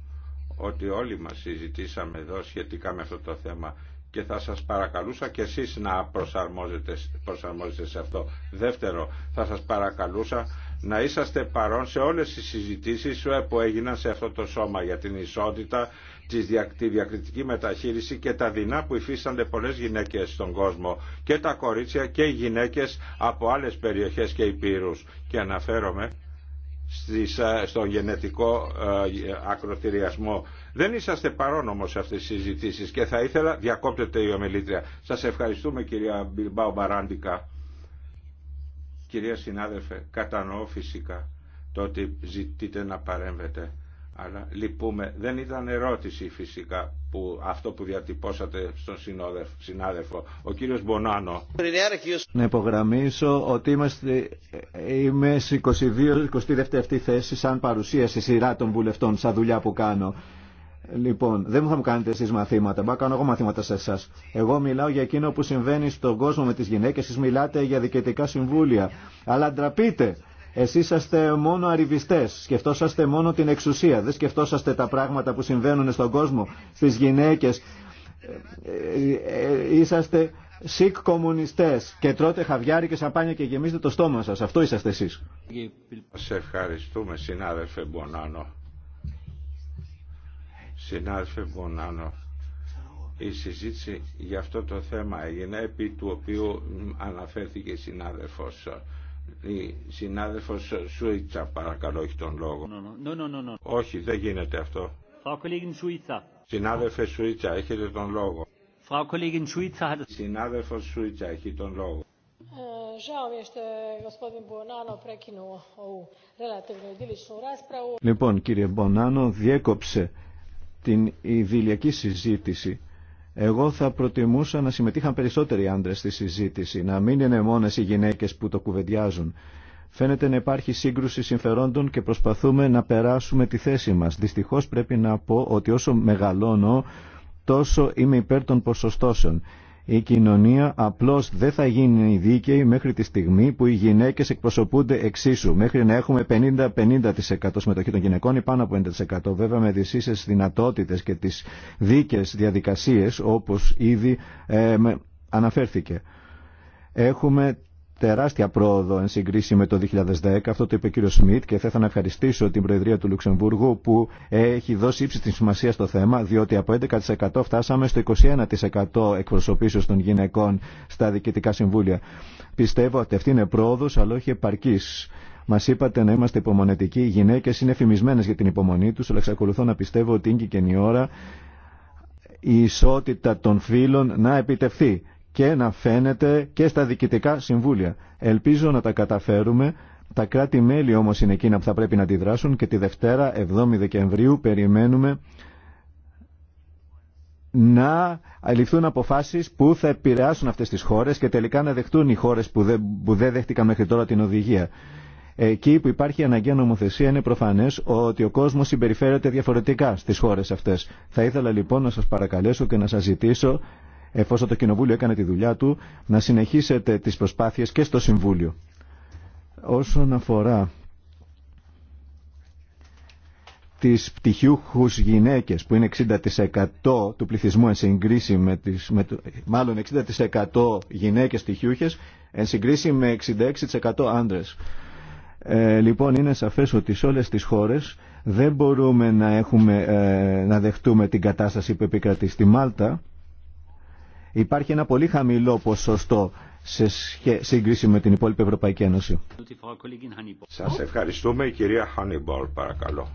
ότι όλοι μας συζητήσαμε εδώ σχετικά με αυτό το θέμα και θα σας παρακαλούσα και εσείς να προσαρμόζετε, προσαρμόζετε σε αυτό. Δεύτερο, θα σας παρακαλούσα να είσαστε παρόν σε όλες τις συζητήσεις που έγιναν σε αυτό το σώμα για την ισότητα, τη διακριτική μεταχείριση και τα δεινά που υφίστανται πολλές γυναίκες στον κόσμο και τα κορίτσια και οι γυναίκες από άλλες περιοχές και υπήρους. Και αναφέρομαι ε, στον γενετικό ε, ακροτηριασμό. Δεν είσαστε όμως σε αυτές τις συζητήσεις και θα ήθελα, διακόπτεται η ομιλήτρια. Σας ευχαριστούμε κυρία Μπιλμπάου Μπαράντικα. Κυρία συνάδελφε, κατανοώ φυσικά το ότι ζητείτε να παρέμβετε αλλά λυπούμε. Δεν ήταν ερώτηση φυσικά που, αυτό που διατυπώσατε στον συνάδελφο. Ο κύριος Μπονάνο. Να υπογραμμίσω ότι είμαστε, είμαι σε 22-22 αυτή θέση σαν παρουσία σε σειρά των βουλευτών, σαν δουλειά που κάνω. Λοιπόν, δεν μου θα μου κάνετε εσείς μαθήματα. Μπα κάνω εγώ μαθήματα σε εσά. Εγώ μιλάω για εκείνο που συμβαίνει στον κόσμο με τις γυναίκες. Εσεί μιλάτε για διοικητικά συμβούλια. Αλλά ντραπείτε Εσεί είσαστε μόνο αριβιστέ, σκεφτόσαστε μόνο την εξουσία, δεν σκεφτόσαστε τα πράγματα που συμβαίνουν στον κόσμο, στι γυναίκε. Ε, ε, ε, είσαστε σικ κομμουνιστέ και τρώτε χαβιάρι και σαμπάνια και γεμίζετε το στόμα σα. Αυτό είσαστε εσεί. Σε ευχαριστούμε συνάδελφε Μπονάνο. Συνάδελφε Μπονάνο. Η συζήτηση για αυτό το θέμα έγινε επί του οποίου αναφέρθηκε η συνάδελφος. Η συνάδελφος Σουίτσα παρακαλώ έχει τον λόγο. No, no, no, Όχι, δεν γίνεται αυτό. Συνάδελφε Σουίτσα, έχετε τον λόγο. Συνάδελφος Σουίτσα έχει τον λόγο. Ε, λοιπόν, κύριε Μπονάνο, διέκοψε την ιδηλιακή συζήτηση εγώ θα προτιμούσα να συμμετείχαν περισσότεροι άντρε στη συζήτηση, να μην είναι μόνε οι γυναίκε που το κουβεντιάζουν. Φαίνεται να υπάρχει σύγκρουση συμφερόντων και προσπαθούμε να περάσουμε τη θέση μα. Δυστυχώ πρέπει να πω ότι όσο μεγαλώνω, τόσο είμαι υπέρ των ποσοστώσεων. Η κοινωνία απλώς δεν θα γίνει δίκαιη μέχρι τη στιγμή που οι γυναίκες εκπροσωπούνται εξίσου. Μέχρι να έχουμε 50-50% συμμετοχή των γυναικών ή πάνω από 50%. Βέβαια με τις ίσες δυνατότητες και τις δίκες διαδικασίες όπως ήδη ε, αναφέρθηκε. Έχουμε τεράστια πρόοδο εν συγκρίση με το 2010. Αυτό το είπε ο κύριο Σμιτ και θα ήθελα να ευχαριστήσω την Προεδρία του Λουξεμβούργου που έχει δώσει ύψη τη σημασία στο θέμα, διότι από 11% φτάσαμε στο 21% εκπροσωπήσεω των γυναικών στα διοικητικά συμβούλια. Πιστεύω ότι αυτή είναι πρόοδο, αλλά όχι επαρκή. Μα είπατε να είμαστε υπομονετικοί. Οι γυναίκε είναι φημισμένε για την υπομονή του, αλλά εξακολουθώ να πιστεύω ότι είναι και η ώρα η ισότητα των φύλων να επιτευχθεί και να φαίνεται και στα διοικητικά συμβούλια. Ελπίζω να τα καταφέρουμε. Τα κράτη-μέλη όμως είναι εκείνα που θα πρέπει να αντιδράσουν και τη Δευτέρα, 7η Δεκεμβρίου, περιμένουμε να ληφθούν αποφάσεις που θα επηρεάσουν αυτές τις χώρες και τελικά να δεχτούν οι χώρες που δεν, που δέχτηκαν μέχρι τώρα την οδηγία. Εκεί που υπάρχει αναγκαία νομοθεσία είναι προφανές ότι ο κόσμος συμπεριφέρεται διαφορετικά στις χώρες αυτές. Θα ήθελα λοιπόν να σας παρακαλέσω και να σας ζητήσω εφόσον το Κοινοβούλιο έκανε τη δουλειά του, να συνεχίσετε τις προσπάθειες και στο Συμβούλιο. Όσον αφορά τις πτυχιούχους γυναίκες που είναι 60% του πληθυσμού εν συγκρίση με τις, με, μάλλον 60% γυναίκες πτυχιούχες εν συγκρίση με 66% άντρες. Ε, λοιπόν είναι σαφές ότι σε όλες τις χώρες δεν μπορούμε να, έχουμε, ε, να δεχτούμε την κατάσταση που επικρατεί στη Μάλτα Υπάρχει ένα πολύ χαμηλό ποσοστό σε σύγκριση με την υπόλοιπη Ευρωπαϊκή Ένωση. Σας ευχαριστούμε. Η κυρία Χάνιμπολ, παρακαλώ.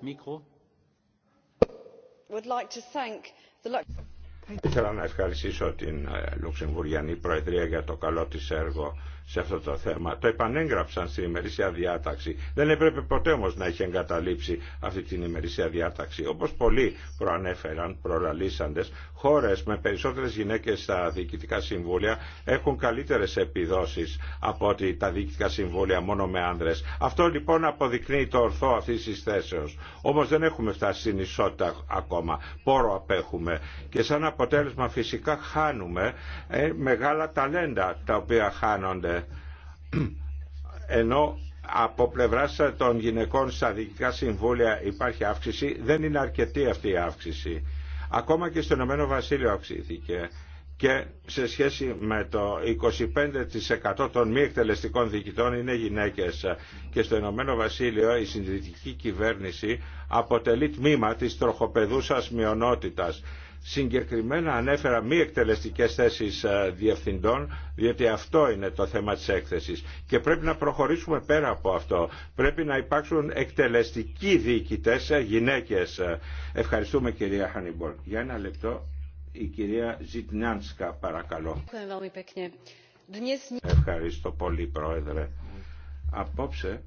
Μικρό. Ήθελα να ευχαριστήσω την ε, Λουξεμβουργιανή Προεδρία για το καλό της έργο σε αυτό το θέμα. Το επανέγραψαν στην ημερησία διάταξη. Δεν έπρεπε ποτέ όμως να έχει εγκαταλείψει αυτή την ημερησία διάταξη. Όπως πολλοί προανέφεραν, προλαλήσαντες, χώρες με περισσότερες γυναίκες στα διοικητικά συμβούλια έχουν καλύτερες επιδόσεις από ότι τα διοικητικά συμβούλια μόνο με άνδρες. Αυτό λοιπόν αποδεικνύει το ορθό αυτή τη θέσεω. Όμω δεν έχουμε φτάσει στην ισότητα ακόμα. Πόρο απέχουμε. Και σαν αποτέλεσμα φυσικά χάνουμε ε, μεγάλα ταλέντα τα οποία χάνονται ενώ από πλευρά των γυναικών στα διοικητικά συμβούλια υπάρχει αύξηση, δεν είναι αρκετή αυτή η αύξηση. Ακόμα και στο Ηνωμένο Βασίλειο αυξήθηκε και σε σχέση με το 25% των μη εκτελεστικών διοικητών είναι γυναίκες και στο Ηνωμένο Βασίλειο η συντηρητική κυβέρνηση αποτελεί τμήμα της τροχοπεδούσας μειονότητας συγκεκριμένα ανέφερα μη εκτελεστικές θέσεις ε, διευθυντών, διότι αυτό είναι το θέμα της έκθεσης. Και πρέπει να προχωρήσουμε πέρα από αυτό. Πρέπει να υπάρξουν εκτελεστικοί διοικητές ε, γυναίκες. Ε, ευχαριστούμε κυρία Χανιμπορ. Για ένα λεπτό η κυρία Ζιτνιάνσκα παρακαλώ. Ευχαριστώ πολύ πρόεδρε. Απόψε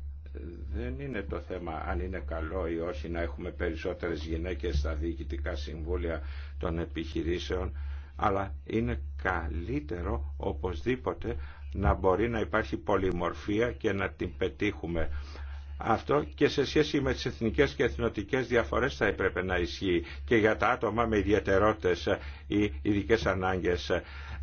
δεν είναι το θέμα αν είναι καλό ή όχι να έχουμε περισσότερες γυναίκες στα διοικητικά συμβούλια των επιχειρήσεων, αλλά είναι καλύτερο οπωσδήποτε να μπορεί να υπάρχει πολυμορφία και να την πετύχουμε. Αυτό και σε σχέση με τις εθνικές και εθνοτικές διαφορές θα έπρεπε να ισχύει και για τα άτομα με ιδιαιτερότητες ή ειδικέ ανάγκες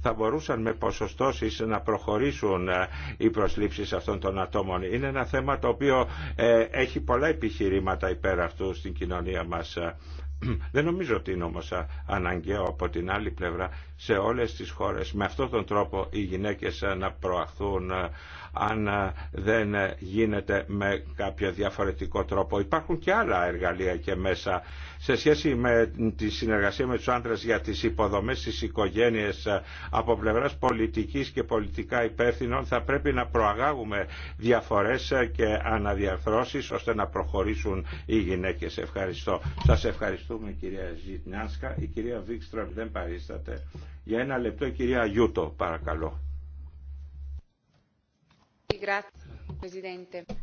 θα μπορούσαν με ποσοστώσεις να προχωρήσουν ε, οι προσλήψεις αυτών των ατόμων. Είναι ένα θέμα το οποίο ε, έχει πολλά επιχειρήματα υπέρ αυτού στην κοινωνία μας. Δεν νομίζω ότι είναι όμως ε, αναγκαίο από την άλλη πλευρά σε όλες τις χώρες. Με αυτόν τον τρόπο οι γυναίκες ε, να προαχθούν ε, αν ε, δεν γίνεται με κάποιο διαφορετικό τρόπο. Υπάρχουν και άλλα εργαλεία και μέσα σε σχέση με τη συνεργασία με τους άντρες για τις υποδομές στις οικογένειες από πλευράς πολιτικής και πολιτικά υπεύθυνων θα πρέπει να προαγάγουμε διαφορές και αναδιαρθρώσεις ώστε να προχωρήσουν οι γυναίκες. Ευχαριστώ. Σας ευχαριστούμε κυρία Ζητνιάσκα. Η κυρία Βίξτρομ δεν παρίσταται. Για ένα λεπτό η κυρία Γιούτο, παρακαλώ.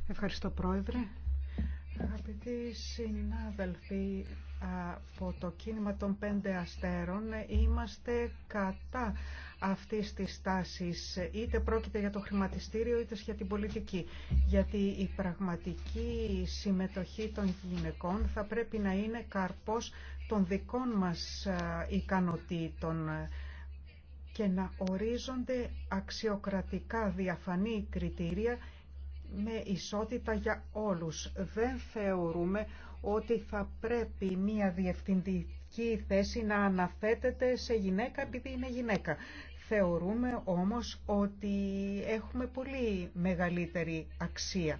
Ευχαριστώ πρόεδρε. Αγαπητοί συνάδελφοι από το κίνημα των πέντε αστέρων, είμαστε κατά αυτή τη τάση, είτε πρόκειται για το χρηματιστήριο είτε για την πολιτική. Γιατί η πραγματική συμμετοχή των γυναικών θα πρέπει να είναι καρπός των δικών μας ε, ικανοτήτων και να ορίζονται αξιοκρατικά διαφανή κριτήρια με ισότητα για όλους. Δεν θεωρούμε ότι θα πρέπει μία διευθυντική θέση να αναθέτεται σε γυναίκα επειδή είναι γυναίκα. Θεωρούμε όμως ότι έχουμε πολύ μεγαλύτερη αξία.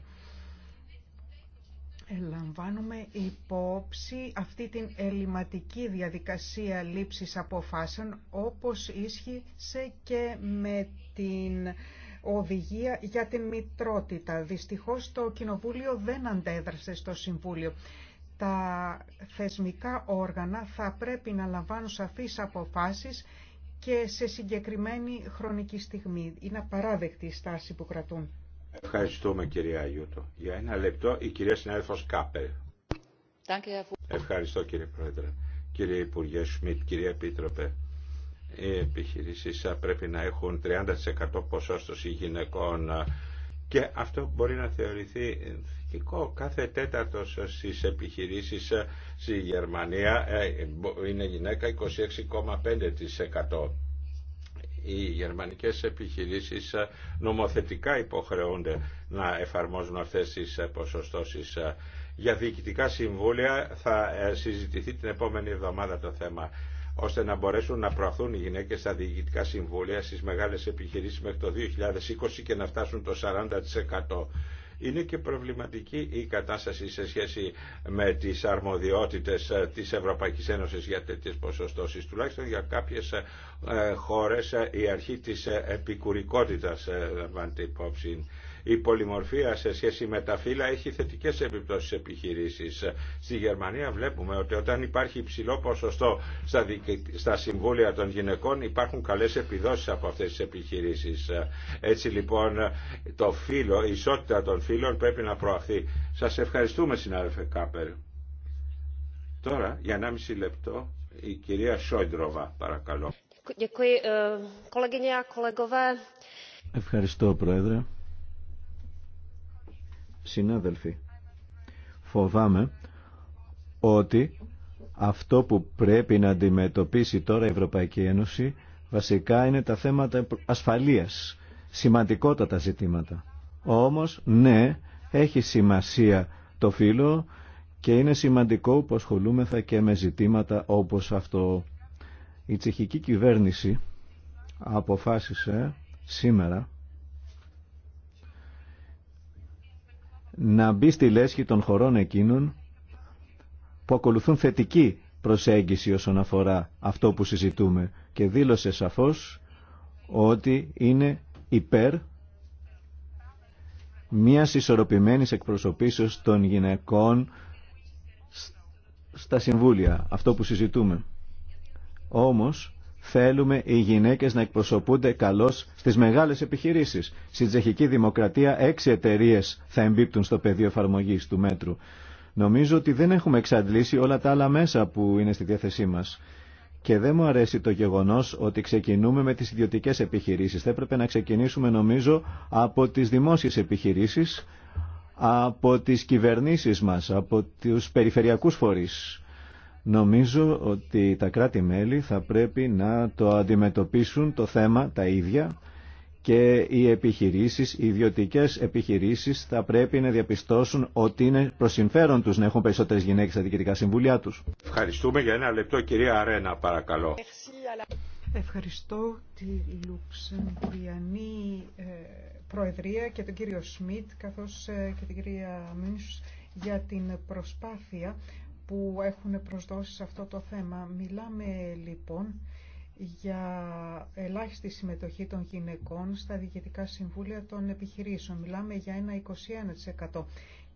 Ελαμβάνουμε υπόψη αυτή την ελληματική διαδικασία λήψης αποφάσεων όπως ίσχυσε και με την οδηγία για την μητρότητα. Δυστυχώς το Κοινοβούλιο δεν αντέδρασε στο Συμβούλιο. Τα θεσμικά όργανα θα πρέπει να λαμβάνουν σαφείς αποφάσεις και σε συγκεκριμένη χρονική στιγμή. Είναι απαράδεκτη η στάση που κρατούν. Ευχαριστούμε κυρία Αγιούτο. Για ένα λεπτό η κυρία συνάδελφος Κάπελ. Ευχαριστώ κύριε Πρόεδρε. Κύριε Υπουργέ Σμιτ, κύριε Επίτροπε, οι επιχειρήσεις πρέπει να έχουν 30% ποσόστοση γυναικών και αυτό μπορεί να θεωρηθεί θετικό. Κάθε τέταρτο στις επιχειρήσεις στη Γερμανία ε, είναι γυναίκα 26,5% οι γερμανικές επιχειρήσεις νομοθετικά υποχρεούνται να εφαρμόζουν αυτές τις ποσοστώσεις. Για διοικητικά συμβούλια θα ε, συζητηθεί την επόμενη εβδομάδα το θέμα ώστε να μπορέσουν να προαχθούν οι γυναίκες στα διοικητικά συμβούλια στις μεγάλες επιχειρήσεις μέχρι το 2020 και να φτάσουν το 40% είναι και προβληματική η κατάσταση σε σχέση με τις αρμοδιότητες ε, της Ευρωπαϊκής Ένωσης για τέτοιες ποσοστώσεις. Τουλάχιστον για κάποιες ε, ε, χώρες η αρχή της επικουρικότητας λαμβάνεται υπόψη. Η πολυμορφία σε σχέση με τα φύλλα έχει θετικές επιπτώσεις επιχειρήσεις. Στη Γερμανία βλέπουμε ότι όταν υπάρχει υψηλό ποσοστό στα συμβούλια των γυναικών υπάρχουν καλές επιδόσεις από αυτές τις επιχειρήσεις. Έτσι λοιπόν το φύλλο, η ισότητα των φύλων πρέπει να προαχθεί. Σας ευχαριστούμε συνάδελφε Κάπερ. Τώρα για 1,5 λεπτό η κυρία Σόιντροβα παρακαλώ. Ε, Ευχαριστώ πρόεδρε. Συνάδελφοι, φοβάμαι ότι αυτό που πρέπει να αντιμετωπίσει τώρα η Ευρωπαϊκή Ένωση βασικά είναι τα θέματα ασφαλείας, σημαντικότατα ζητήματα. Όμως, ναι, έχει σημασία το φύλλο και είναι σημαντικό που ασχολούμεθα και με ζητήματα όπως αυτό. Η τσεχική κυβέρνηση αποφάσισε σήμερα να μπει στη λέσχη των χωρών εκείνων που ακολουθούν θετική προσέγγιση όσον αφορά αυτό που συζητούμε και δήλωσε σαφώς ότι είναι υπέρ μία ισορροπημένης εκπροσωπήσεως των γυναικών στα συμβούλια, αυτό που συζητούμε. Όμως, Θέλουμε οι γυναίκες να εκπροσωπούνται καλώς στις μεγάλες επιχειρήσεις. Στην τσεχική δημοκρατία έξι εταιρείε θα εμπίπτουν στο πεδίο εφαρμογή του μέτρου. Νομίζω ότι δεν έχουμε εξαντλήσει όλα τα άλλα μέσα που είναι στη διάθεσή μας. Και δεν μου αρέσει το γεγονός ότι ξεκινούμε με τις ιδιωτικές επιχειρήσεις. Θα έπρεπε να ξεκινήσουμε, νομίζω, από τις δημόσιες επιχειρήσεις, από τις κυβερνήσεις μας, από του περιφερειακούς φορείς. Νομίζω ότι τα κράτη-μέλη θα πρέπει να το αντιμετωπίσουν το θέμα τα ίδια και οι επιχειρήσεις, οι ιδιωτικές επιχειρήσεις θα πρέπει να διαπιστώσουν ότι είναι προς συμφέρον τους να έχουν περισσότερες γυναίκες στα διοικητικά συμβούλια τους. Ευχαριστούμε για ένα λεπτό κυρία Αρένα παρακαλώ. Ευχαριστώ τη Λουξεμβριανή ε, Προεδρία και τον κύριο Σμιτ καθώς ε, και την κυρία Μίνσου για την προσπάθεια που έχουν προσδώσει σε αυτό το θέμα. Μιλάμε λοιπόν για ελάχιστη συμμετοχή των γυναικών στα διοικητικά συμβούλια των επιχειρήσεων. Μιλάμε για ένα 21%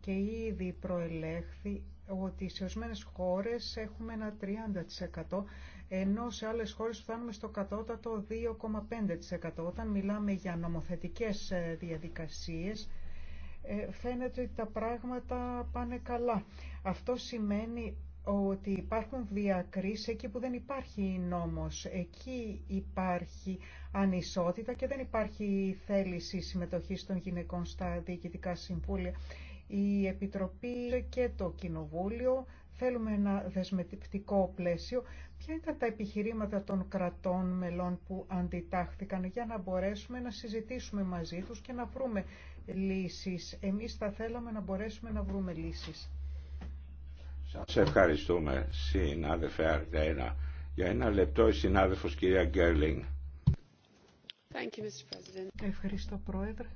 και ήδη προελέχθη ότι σε ορισμένε χώρες έχουμε ένα 30% ενώ σε άλλες χώρες φτάνουμε στο κατώτατο 2,5%. Όταν μιλάμε για νομοθετικές ε, διαδικασίες ε, φαίνεται ότι τα πράγματα πάνε καλά. Αυτό σημαίνει ότι υπάρχουν διακρίσεις εκεί που δεν υπάρχει νόμος. Εκεί υπάρχει ανισότητα και δεν υπάρχει θέληση συμμετοχής των γυναικών στα διοικητικά συμβούλια. Η Επιτροπή και το Κοινοβούλιο θέλουμε ένα δεσμευτικό πλαίσιο Ποια ήταν τα επιχειρήματα των κρατών μελών που αντιτάχθηκαν για να μπορέσουμε να συζητήσουμε μαζί τους και να βρούμε λύσεις. Εμείς θα θέλαμε να μπορέσουμε να βρούμε λύσεις. Σας ευχαριστούμε, συνάδελφε Αρτένα. Για ένα λεπτό η συνάδελφος κυρία Γκέρλινγκ. Ευχαριστώ, Πρόεδρε.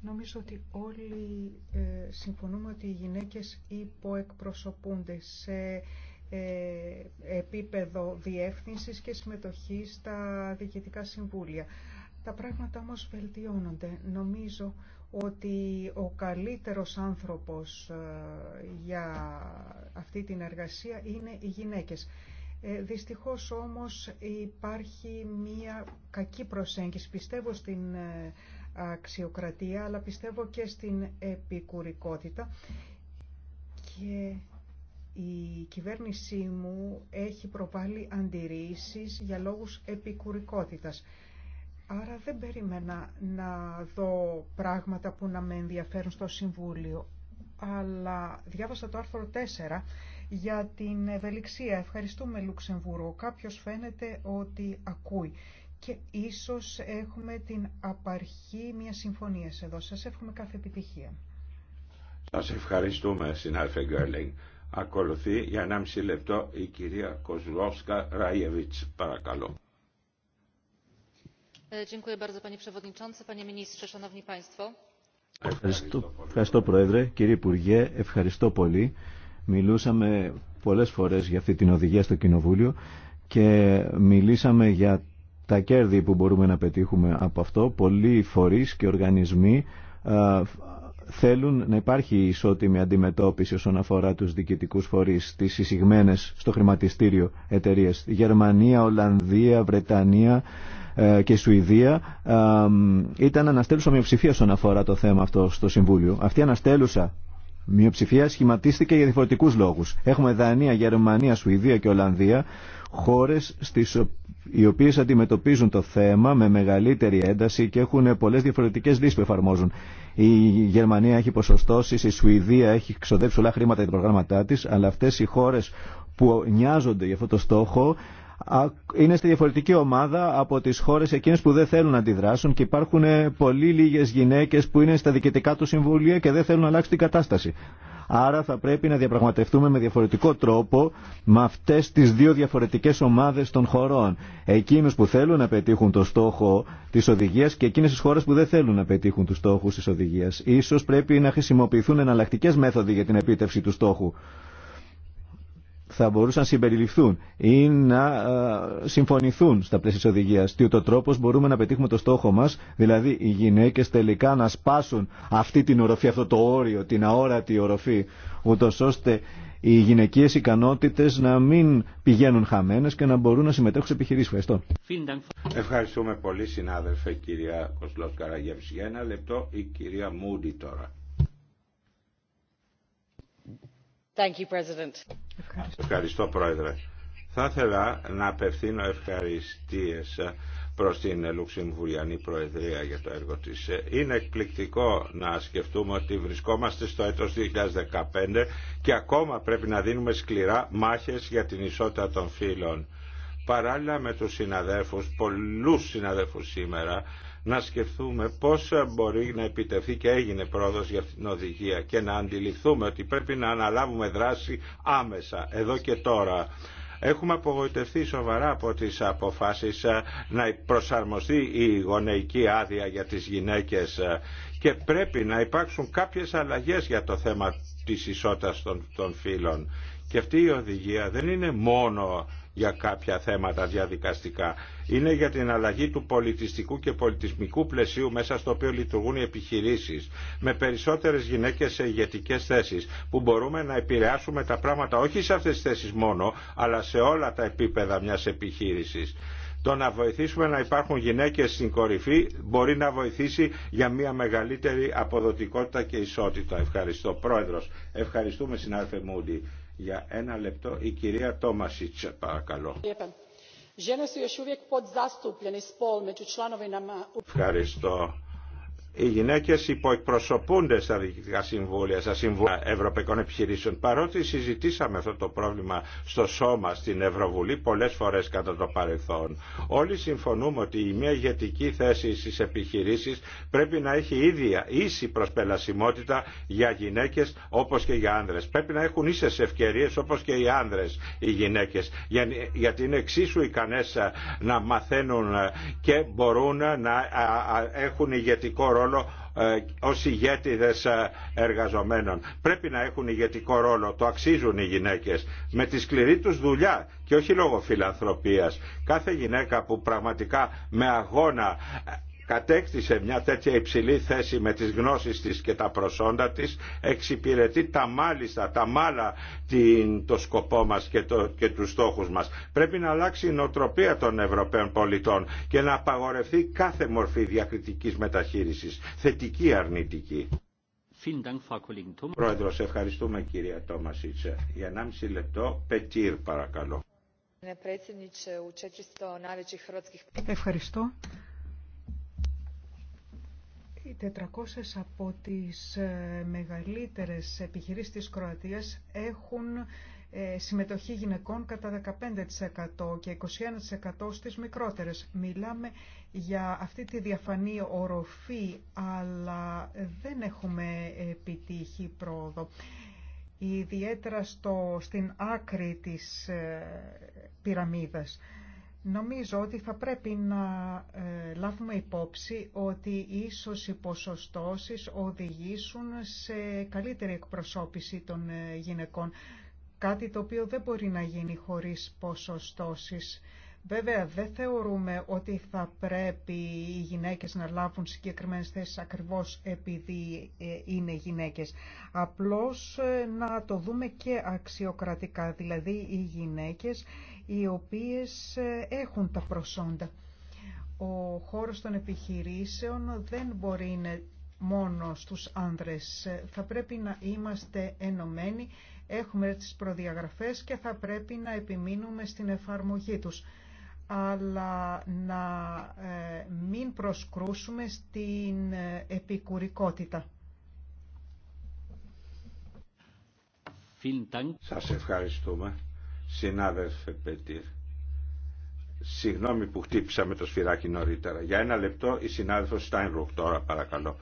Νομίζω ότι όλοι ε, συμφωνούμε ότι οι γυναίκες υποεκπροσωπούνται σε ε, επίπεδο διεύθυνσης και συμμετοχή στα διοικητικά συμβούλια. Τα πράγματα όμως βελτιώνονται. Νομίζω ότι ο καλύτερος άνθρωπος ε, για αυτή την εργασία είναι οι γυναίκες. Ε, δυστυχώς όμως υπάρχει μία κακή προσέγγιση. Πιστεύω στην αξιοκρατία αλλά πιστεύω και στην επικουρικότητα και η κυβέρνησή μου έχει προβάλει αντιρρήσεις για λόγους επικουρικότητας. Άρα δεν περίμενα να δω πράγματα που να με ενδιαφέρουν στο Συμβούλιο. Αλλά διάβασα το άρθρο 4 για την ευελιξία. Ευχαριστούμε Λουξεμβούργο. Κάποιος φαίνεται ότι ακούει. Και ίσως έχουμε την απαρχή μια συμφωνίας εδώ. Σας εύχομαι κάθε επιτυχία. Σας ευχαριστούμε, συνάδελφε Γκέρλινγκ. Ακολουθεί για 1,5 λεπτό η κυρία κοζουλοφσκα Ραϊεβίτς. Παρακαλώ. Ε, ευχαριστώ, ευχαριστώ Πρόεδρε, κύριε Υπουργέ, ευχαριστώ πολύ. Μιλούσαμε πολλές φορές για αυτή την οδηγία στο Κοινοβούλιο και μιλήσαμε για τα κέρδη που μπορούμε να πετύχουμε από αυτό. Πολλοί φορείς και οργανισμοί θέλουν να υπάρχει ισότιμη αντιμετώπιση όσον αφορά τους διοικητικούς φορείς, τις εισηγμένες στο χρηματιστήριο εταιρείε. Γερμανία, Ολλανδία, Βρετανία ε, και Σουηδία ε, ήταν αναστέλουσα μειοψηφία όσον αφορά το θέμα αυτό στο Συμβούλιο. Αυτή αναστέλουσα μειοψηφία σχηματίστηκε για διαφορετικούς λόγους. Έχουμε Δανία, Γερμανία, Σουηδία και Ολλανδία, χώρες στις, οι οποίες αντιμετωπίζουν το θέμα με μεγαλύτερη ένταση και έχουν πολλές διαφορετικές λύσεις που εφαρμόζουν. Η Γερμανία έχει ποσοστώσεις, η Σουηδία έχει ξοδέψει όλα χρήματα για τα προγράμματά της, αλλά αυτές οι χώρες που νοιάζονται για αυτό το στόχο είναι στη διαφορετική ομάδα από τις χώρες εκείνες που δεν θέλουν να αντιδράσουν και υπάρχουν ε, πολύ λίγες γυναίκες που είναι στα διοικητικά του συμβούλια και δεν θέλουν να αλλάξει την κατάσταση. Άρα θα πρέπει να διαπραγματευτούμε με διαφορετικό τρόπο με αυτές τις δύο διαφορετικές ομάδες των χωρών. Εκείνου που θέλουν να πετύχουν το στόχο της οδηγίας και εκείνες τις χώρες που δεν θέλουν να πετύχουν τους στόχους της οδηγίας. Ίσως πρέπει να χρησιμοποιηθούν εναλλακτικέ μέθοδοι για την επίτευξη του στόχου θα μπορούσαν να συμπεριληφθούν ή να ε, συμφωνηθούν στα πλαίσια τη οδηγία. Τι ο τρόπο μπορούμε να πετύχουμε το στόχο μα, δηλαδή οι γυναίκε τελικά να σπάσουν αυτή την οροφή, αυτό το όριο, την αόρατη οροφή, ούτω ώστε οι γυναικείες ικανότητες να μην πηγαίνουν χαμένες και να μπορούν να συμμετέχουν σε επιχειρήσεις. Ευχαριστούμε πολύ συνάδελφε κυρία Κοσλός Καραγεύση. Για ένα λεπτό η κυρία Μούντι τώρα. Ευχαριστώ. Πρόεδρε. Θα ήθελα να απευθύνω ευχαριστίες προς την Λουξιμβουλιανή Προεδρία για το έργο της. Είναι εκπληκτικό να σκεφτούμε ότι βρισκόμαστε στο έτος 2015 και ακόμα πρέπει να δίνουμε σκληρά μάχες για την ισότητα των φύλων. Παράλληλα με τους συναδέλφους, πολλούς συναδέλφους σήμερα, να σκεφτούμε πώς μπορεί να επιτεθεί και έγινε πρόοδος για την οδηγία και να αντιληφθούμε ότι πρέπει να αναλάβουμε δράση άμεσα, εδώ και τώρα. Έχουμε απογοητευτεί σοβαρά από τις αποφάσεις ε, να προσαρμοστεί η γονεϊκή άδεια για τις γυναίκες ε, και πρέπει να υπάρξουν κάποιες αλλαγές για το θέμα της ισότητας των, των φύλων και αυτή η οδηγία δεν είναι μόνο για κάποια θέματα διαδικαστικά. Είναι για την αλλαγή του πολιτιστικού και πολιτισμικού πλαισίου μέσα στο οποίο λειτουργούν οι επιχειρήσεις. Με περισσότερες γυναίκες σε ηγετικέ θέσεις που μπορούμε να επηρεάσουμε τα πράγματα όχι σε αυτές τις θέσεις μόνο αλλά σε όλα τα επίπεδα μιας επιχείρησης. Το να βοηθήσουμε να υπάρχουν γυναίκες στην κορυφή μπορεί να βοηθήσει για μια μεγαλύτερη αποδοτικότητα και ισότητα. Ευχαριστώ. Πρόεδρος, ευχαριστούμε συνάδελφε Μούντι. Για ένα λεπτό η κυρία Τόμασιτς παρακαλώ. Ευχαριστώ οι γυναίκες υποεκπροσωπούνται στα διοικητικά συμβούλια, στα συμβούλια ευρωπαϊκών επιχειρήσεων. Παρότι συζητήσαμε αυτό το πρόβλημα στο σώμα στην Ευρωβουλή πολλές φορές κατά το παρελθόν. Όλοι συμφωνούμε ότι η μια ηγετική θέση στις επιχειρήσεις πρέπει να έχει ίδια ίση προσπελασιμότητα για γυναίκες όπως και για άνδρες. Πρέπει να έχουν ίσες ευκαιρίες όπως και οι άνδρες οι γυναίκες γιατί είναι εξίσου να μαθαίνουν και μπορούν να έχουν ηγετικό ρόλο ρόλο ε, ως ηγέτιδες ε, εργαζομένων. Πρέπει να έχουν ηγετικό ρόλο, το αξίζουν οι γυναίκες, με τη σκληρή τους δουλειά και όχι λόγω φιλανθρωπίας. Κάθε γυναίκα που πραγματικά με αγώνα κατέκτησε μια τέτοια υψηλή θέση με τις γνώσεις της και τα προσόντα της, εξυπηρετεί τα μάλιστα, τα μάλα την, το σκοπό μας και, το, και τους στόχους μας. Πρέπει να αλλάξει η νοοτροπία των Ευρωπαίων πολιτών και να απαγορευτεί κάθε μορφή διακριτικής μεταχείρισης, θετική αρνητική. Πρόεδρος, ευχαριστούμε κυρία Για 1,5 λεπτό, Πετήρ παρακαλώ. Ευχαριστώ. 400 από τις ε, μεγαλύτερες επιχειρήσεις της Κροατίας έχουν ε, συμμετοχή γυναικών κατά 15% και 21% στις μικρότερες. Μιλάμε για αυτή τη διαφανή οροφή, αλλά δεν έχουμε επιτύχει πρόοδο. Ιδιαίτερα στην άκρη της ε, πυραμίδας. Νομίζω ότι θα πρέπει να ε, λάβουμε υπόψη ότι ίσως οι ποσοστώσεις οδηγήσουν σε καλύτερη εκπροσώπηση των ε, γυναικών. Κάτι το οποίο δεν μπορεί να γίνει χωρίς ποσοστώσεις. Βέβαια, δεν θεωρούμε ότι θα πρέπει οι γυναίκες να λάβουν συγκεκριμένες θέσεις ακριβώς επειδή ε, είναι γυναίκες. Απλώς να το δούμε και αξιοκρατικά, δηλαδή οι γυναίκες οι οποίες ε, έχουν τα προσόντα. Ο χώρος των επιχειρήσεων δεν μπορεί να μόνο στους άνδρες. Θα πρέπει να είμαστε ενωμένοι, έχουμε τις προδιαγραφές και θα πρέπει να επιμείνουμε στην εφαρμογή τους. Αλλά να ε, μην προσκρούσουμε στην ε, επικουρικότητα. Σας ευχαριστούμε. Συνάδελφε Πετήρ, συγγνώμη που χτύπησα με το σφυράκι νωρίτερα. Για ένα λεπτό η συνάδελφος Στάινρουκ τώρα παρακαλώ.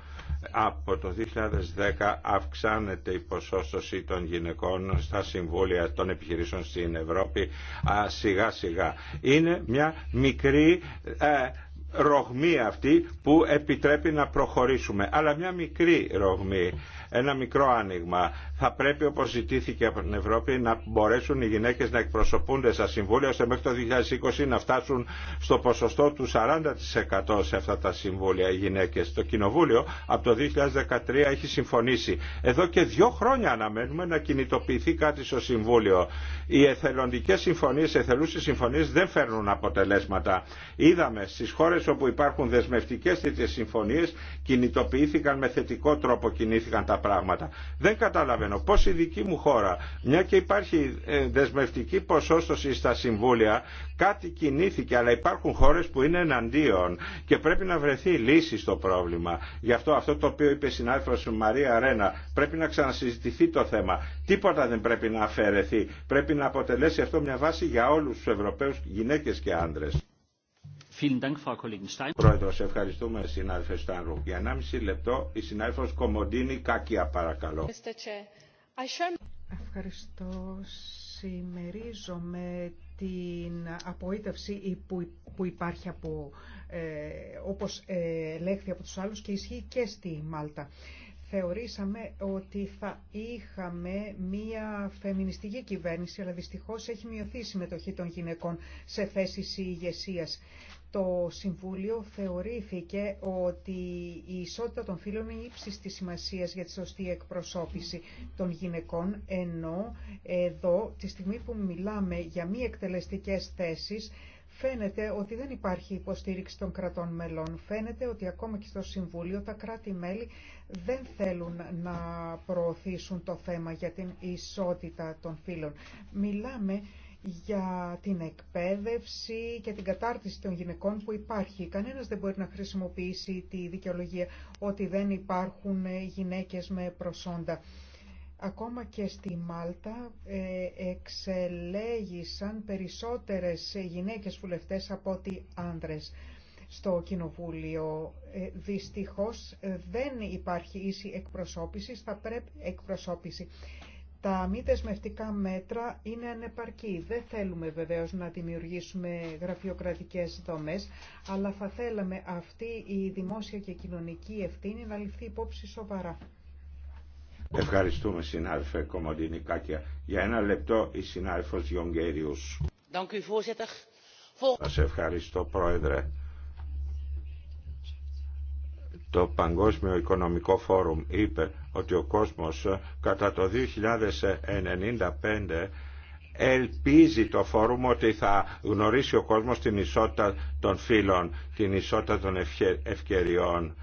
Από το 2010 αυξάνεται η ποσόστοση των γυναικών στα συμβούλια των επιχειρήσεων στην Ευρώπη Α, σιγά σιγά. Είναι μια μικρή... Ε, ρογμή αυτή που επιτρέπει να προχωρήσουμε αλλά μια μικρή ρογμή ένα μικρό άνοιγμα θα πρέπει όπως ζητήθηκε από την Ευρώπη να μπορέσουν οι γυναίκες να εκπροσωπούνται στα συμβούλια ώστε μέχρι το 2020 να φτάσουν στο ποσοστό του 40% σε αυτά τα συμβούλια οι γυναίκες. Το Κοινοβούλιο από το 2013 έχει συμφωνήσει. Εδώ και δύο χρόνια αναμένουμε να κινητοποιηθεί κάτι στο Συμβούλιο. Οι εθελοντικές συμφωνίες, οι εθελούσες συμφωνίες δεν φέρνουν αποτελέσματα. Είδαμε στις χώρες όπου υπάρχουν δεσμευτικές τέτοιες συμφωνίες κινητοποιήθηκαν με θετικό τρόπο κινήθηκαν τα πράγματα. Δεν κατάλαβε Πώς η δική μου χώρα, μια και υπάρχει ε, δεσμευτική ποσόστοση στα συμβούλια, κάτι κινήθηκε, αλλά υπάρχουν χώρες που είναι εναντίον και πρέπει να βρεθεί λύση στο πρόβλημα. Γι' αυτό αυτό το οποίο είπε η συνάδελφος Μαρία Ρένα, πρέπει να ξανασυζητηθεί το θέμα. Τίποτα δεν πρέπει να αφαιρεθεί. Πρέπει να αποτελέσει αυτό μια βάση για όλους τους Ευρωπαίους γυναίκες και άντρες. Πρόεδρος, ευχαριστούμε συνάδελφε Στάνρου. Για 1,5 λεπτό η συνάδελφος Κομοντίνη Κάκια παρακαλώ. Ευχαριστώ. Συμμερίζομαι την απογοήτευση που υπάρχει από, ε, όπως ε, λέχθη από τους άλλους και ισχύει και στη Μάλτα. Θεωρήσαμε ότι θα είχαμε μία φεμινιστική κυβέρνηση, αλλά δυστυχώς έχει μειωθεί η συμμετοχή των γυναικών σε θέσεις ηγεσία. Το Συμβούλιο θεωρήθηκε ότι η ισότητα των φύλων είναι ύψιστη της σημασίας για τη σωστή εκπροσώπηση των γυναικών, ενώ εδώ, τη στιγμή που μιλάμε για μη εκτελεστικέ θέσει, Φαίνεται ότι δεν υπάρχει υποστήριξη των κρατών μελών. Φαίνεται ότι ακόμα και στο Συμβούλιο τα κράτη-μέλη δεν θέλουν να προωθήσουν το θέμα για την ισότητα των φύλων. Μιλάμε για την εκπαίδευση και την κατάρτιση των γυναικών που υπάρχει. Κανένας δεν μπορεί να χρησιμοποιήσει τη δικαιολογία ότι δεν υπάρχουν γυναίκες με προσόντα. Ακόμα και στη Μάλτα ε, εξελέγησαν περισσότερες γυναίκες βουλευτές από ότι άνδρες στο Κοινοβούλιο. Ε, δυστυχώς δεν υπάρχει ίση εκπροσώπηση, θα πρέπει εκπροσώπηση. Τα μη δεσμευτικά μέτρα είναι ανεπαρκή. Δεν θέλουμε βεβαίως να δημιουργήσουμε γραφειοκρατικές δομές, αλλά θα θέλαμε αυτή η δημόσια και κοινωνική ευθύνη να ληφθεί υπόψη σοβαρά. Ευχαριστούμε συνάδελφε Κομοντίνη Κάκια. Για ένα λεπτό η συνάδελφος Γιονγκέριους. Σας ευχαριστώ πρόεδρε. Το Παγκόσμιο Οικονομικό Φόρουμ είπε ότι ο κόσμος ε, κατά το 2095 ελπίζει το φόρουμ ότι θα γνωρίσει ο κόσμος την ισότητα των φύλων, την ισότητα των ευκαιριών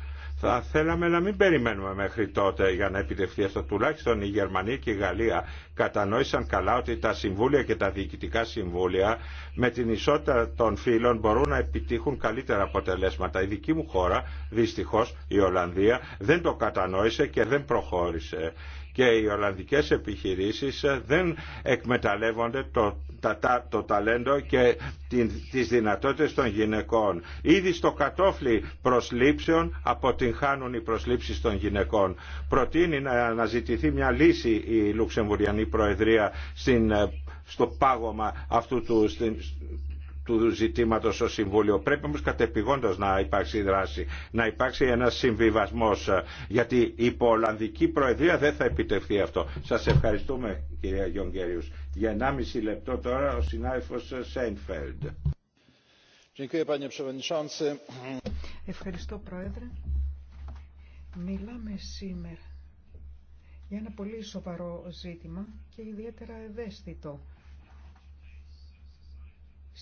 θα θέλαμε να μην περιμένουμε μέχρι τότε για να επιτευχθεί αυτό. Τουλάχιστον η Γερμανία και η Γαλλία κατανόησαν καλά ότι τα συμβούλια και τα διοικητικά συμβούλια με την ισότητα των φύλων μπορούν να επιτύχουν καλύτερα αποτελέσματα. Η δική μου χώρα, δυστυχώς η Ολλανδία, δεν το κατανόησε και δεν προχώρησε και οι Ολλανδικές επιχειρήσεις δεν εκμεταλλεύονται το, τα, το ταλέντο και την, τις δυνατότητες των γυναικών. Ήδη στο κατόφλι προσλήψεων αποτυγχάνουν οι προσλήψεις των γυναικών. Προτείνει να αναζητηθεί μια λύση η Λουξεμβουριανή Προεδρία στην, στο πάγωμα αυτού του, στην, του ζητήματος στο Συμβούλιο. Πρέπει όμως κατεπηγόντως να υπάρξει δράση, να υπάρξει ένα συμβιβασμός, γιατί η Ολλανδική Προεδρία δεν θα επιτευχθεί αυτό. Σας ευχαριστούμε κυρία Γιονγκέριους. Για 1,5 λεπτό τώρα ο συνάδελφος Σέινφελντ. Ευχαριστώ Πρόεδρε. Μιλάμε σήμερα για ένα πολύ σοβαρό ζήτημα και ιδιαίτερα ευαίσθητο